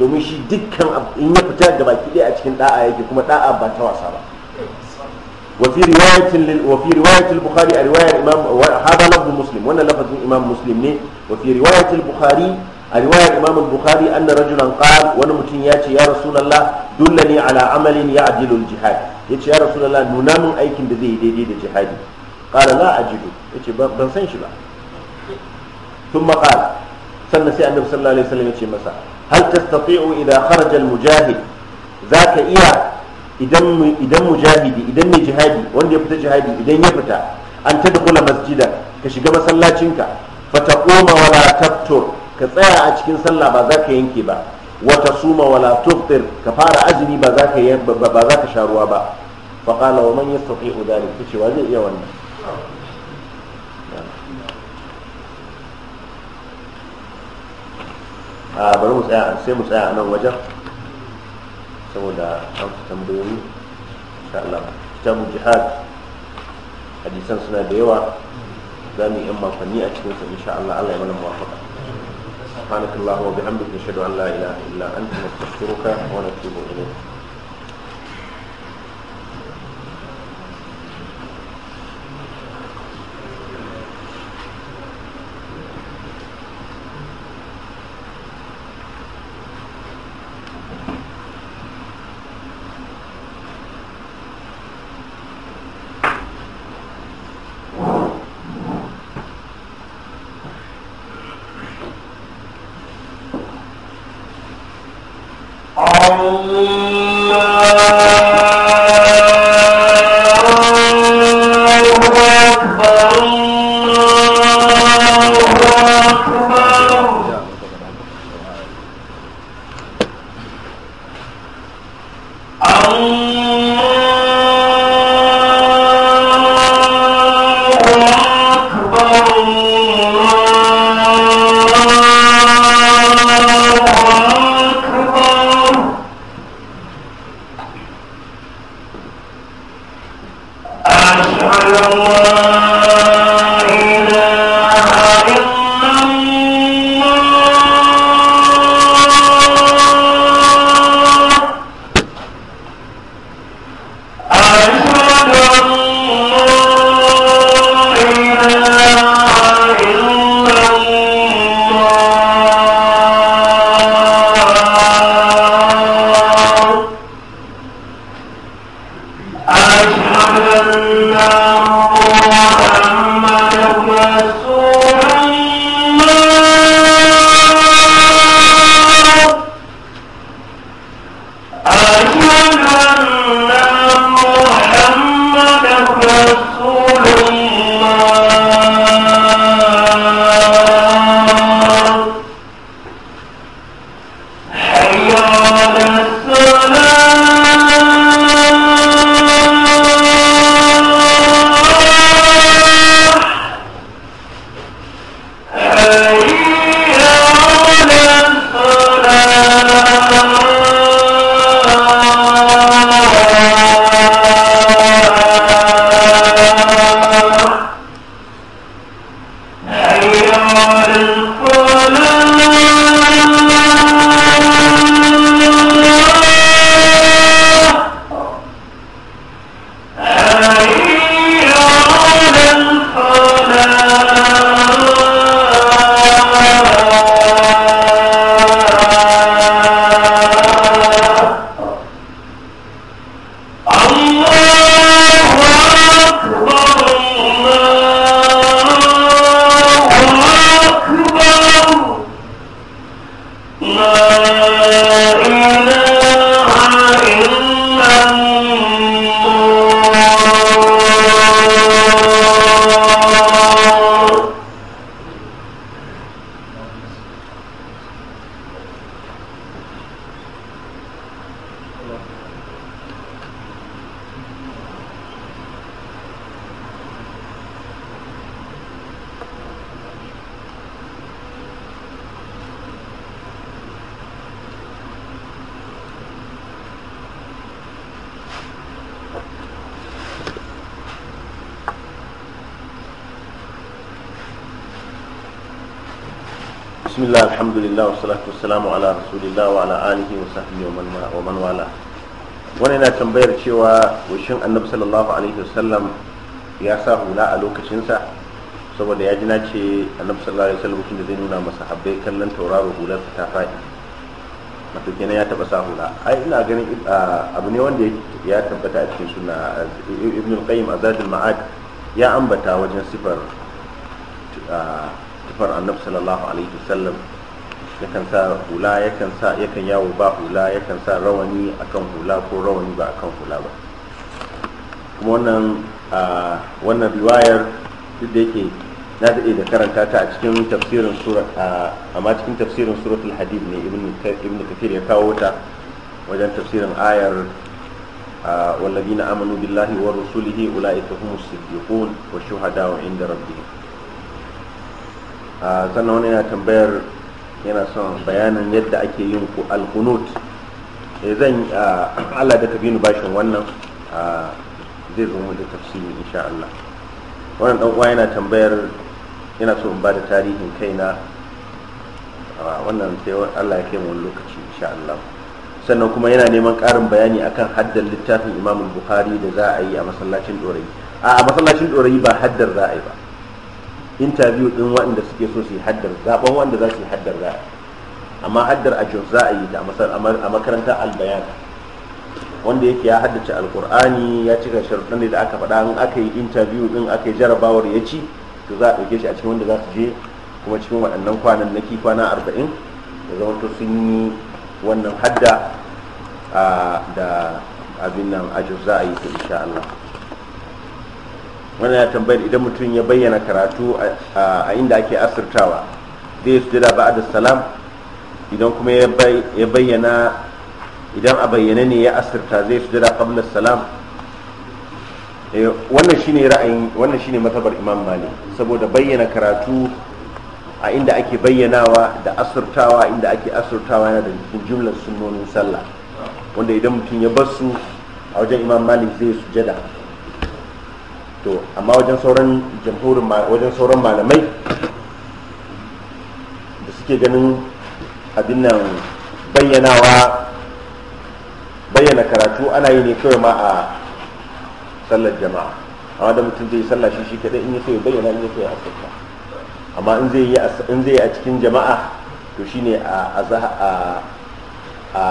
domin shi dukkan in ya fita da baki ɗaya a cikin da'a yake kuma da'a ba ta wasa ba وفي رواية لل... وفي رواية البخاري رواية الإمام هذا لفظ مسلم وأنا لفظ الإمام مسلم ليه وفي رواية البخاري رواية الإمام البخاري أن رجلا قال ونمتن ياتي يا رسول الله دلني على عمل يعدل الجهاد ياتي يا رسول الله ننام أيكم بذي دي دي جهادي قال لا أجد ياتي بنسان شبا ثم قال سنة النبي صلى الله عليه وسلم ياتي مسا هل تستطيع إذا خرج المجاهد ذاك إياه idan mujahidi idan mai jihadi wanda ya fita jihadi idan ya fita an ta dukula masjida ka shiga masallacinka fata koma wala taftur ka tsaya a cikin sallah ba za ka yanke ba wata suma wala tuftir ka fara azumi ba za ka sha ruwa ba fa wa man yastati'u dhalik kace wa zai iya wannan a ah, bari mu tsaya sai mu tsaya a nan wajen saboda an fi tambayoyi ta Allah kitabun jihad hadisan suna da yawa za mu yi makonni a cikin sa insha Allah Allah ya mana muwafaqa subhanakallahu wa bihamdika ashhadu an la ilaha illa anta astaghfiruka wa atubu ilayk يوم rasulillah wa ala alihi wa sahbihi wa man wala wani yana tambayar cewa wushin annabi sallallahu alaihi wa sallam ya sa hula a lokacinsa saboda ya ji na ce annabi sallallahu alaihi wasallam mutum da zai nuna masa habbai kallon tauraro hularsa ta faɗi wato kenan ya taba sa hula ai ina ganin abu ne wanda ya tabbata a cikin suna ibn al-qayyim azadul ma'ad ya ambata wajen sifar tufar annabi sallallahu alaihi wa sallam. yakan sa hula yakan sa yakan yawo ba hula yakan sa rawani akan hula ko rawani ba akan hula ba kuma wannan wannan riwayar duk da yake na daɗe da karanta ta a cikin tafsirin sura amma cikin tafsirin suratul hadid ne ibn kafir ya kawo ta wajen tafsirin ayar والذين آمنوا بالله ورسوله أولئك هم الصديقون والشهداء عند ربهم sannan wani yana tambayar yana son bayanin yadda ake yin alkunut eh, zan ah, Allah da kabinu bashin wannan ah, zai zo mu da tafsiri insha Allah wannan dan uwa yana tambayar yana so in ba da tarihin kaina ah, wannan sai Allah ya kai mu lokaci insha Allah sannan kuma yana neman karin bayani akan haddar littafin Imam Bukhari da za a yi a masallacin Dorayi a masallacin Dorayi ba haddar za a yi ba interview din waɗanda suke so su haddar zaben waɗanda za su haddar za amma haddar a jos za a yi a makarantar albayan wanda yake ya haddace alkur'ani ya cika sharuɗan da aka faɗa in aka yi interview din aka yi jarabawar ya ci to za a ɗauke shi a cikin wanda za su je kuma cikin waɗannan kwanan naki kwana arba'in da to sun yi wannan hadda da abin nan a jos za a yi ta insha Allah wannan ya tambayar idan mutum ya bayyana karatu a inda ake asirtawa zai su jira ba da salam idan kuma ya bayyana idan a bayyane ne ya asirta zai su sujada da salam eh, wannan shine ra'ayin wannan shine matabar imam mali saboda bayyana karatu a inda ake bayyanawa da asirtawa inda ake asirtawa yana da jimlar jumlar sunnonin sallah wanda idan mutum ya bar su a wajen imam mali zai su jada. to amma wajen sauran jamhurin wajen sauran malamai da suke ganin abin nan bayyanawa bayyana karatu ana yi ne kawai ma a sallar jama'a amma da mutum zai sallah shi shi kadai in ya so ya bayyana in ya so ya asirta amma in zai yi in zai a cikin jama'a to shine a a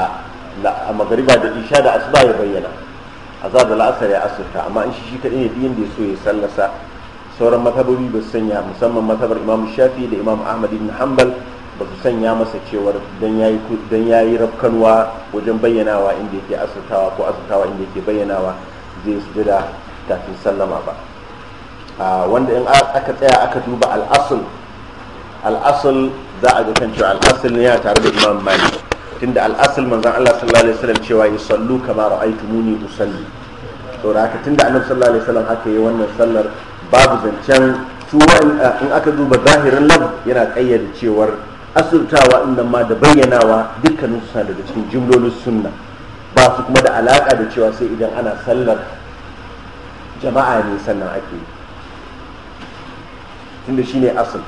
a magariba da isha da asuba ya bayyana azab da la'asar ya asirta amma in shi kaɗai ne duk da ya so ya sallasa sauran matabari ba su sanya musamman matabar imam shafi da imam ahmad ibn hanbal ba su sanya masa cewar dan yayi yi rafkanwa wajen bayyanawa inda yake asirtawa ko asirtawa inda yake bayyanawa zai sujada kafin sallama ba wanda in aka tsaya aka duba al'asul al'asul za a ga kan cewa al'asul ne ya tare da imam malik tunda al'asul manzan Allah sallallahu alaihi wasallam cewa yi sallu kama Muni usalli to da haka tunda annabi sallallahu alaihi wasallam haka yi wannan sallar babu zancen su in aka duba zahirin lab yana kayyade cewar asurtawa inda ma da bayyanawa dukkanin sanar da cikin jimlolin sunna ba su kuma da alaka da cewa sai idan ana sallar jama'a ne sannan ake yi tunda shine asal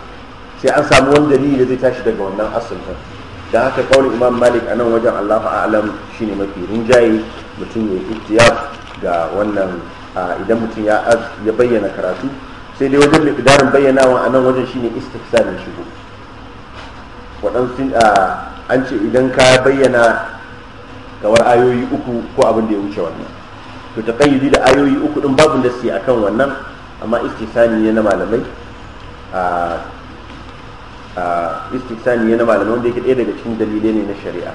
sai an samu wani dalili da zai tashi daga wannan asalin da haka kawai imam malik a nan wajen allahu alam shine mafi rinjaye mutum ya ihtiyar ga wannan idan mutum ya bayyana karatu sai dai wajen likidarin bayyanawa a nan wajen shine istihsanin shigo waɗansu an ce idan ka bayyana kawar ayoyi uku ko abin da ya wuce wannan to ta taqayyudi da ayoyi uku din babu nasi kan wannan amma istihsani ne na malamai Ah, istisani na malamai wanda yake ɗaya daga cikin dalilai ne na shari'a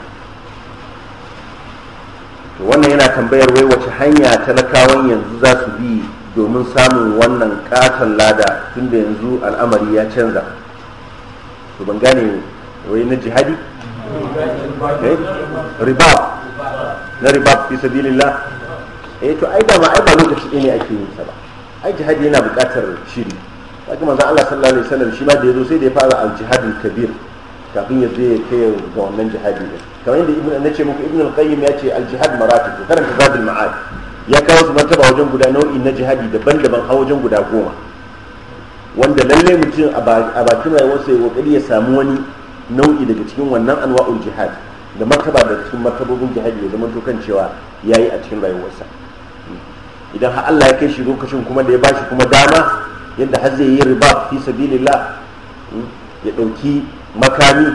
to wannan yana tambayar wai wace hanya talakawan yanzu za su bi domin samun wannan katon lada tun da yanzu al'amari ya canza to ban gane wai na jihadi eh, ribab na ribab fi sabilillah eh to ai da ma ai ba lokaci ne ake yin sa ba ai jihadi yana buƙatar shiri kaga manzon Allah sallallahu alaihi wasallam shi ma da yazo sai da ya fara aljihadin kabir kafin ya zai kai ga wannan jihadi din kamar yadda ibnu nace muku Ibn al-qayyim ya ce aljihad jihad maratib karanta zadul ma'ad ya kawo su martaba wajen guda nau'i na jihadi daban-daban har wajen guda goma wanda lalle mutum a bakin rayuwarsa ya kokari ya samu wani nau'i daga cikin wannan anwa'ul jihad da martaba daga cikin martabobin jihadi ya zama to kan cewa yi a cikin rayuwarsa idan har Allah ya kai shi lokacin kuma da ya bashi kuma dama yadda har zai yi riba fi sabilillah hmm, ya ɗauki makami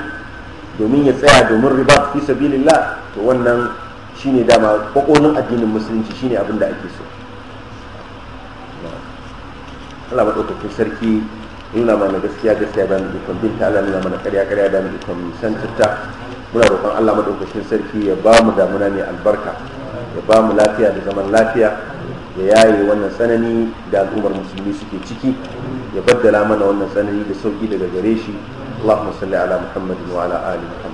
domin ya tsaya domin riba fi sabilillah to wannan shine dama kokonin addinin musulunci shine abin da ake so Allah maɗaukakin sarki nuna mana gaskiya gaskiya da mu binta Allah nuna mana karya karya da mu san muna roƙon Allah maɗaukakin sarki ya ba mu damuna mai albarka ya ba mu lafiya da zaman lafiya ya yaye wannan sanani da al'ummar musulmi suke ciki ya baddala mana wannan sanani da sauki daga gare shi Allahumma salli ala Muhammadin wa ala ali Muhammad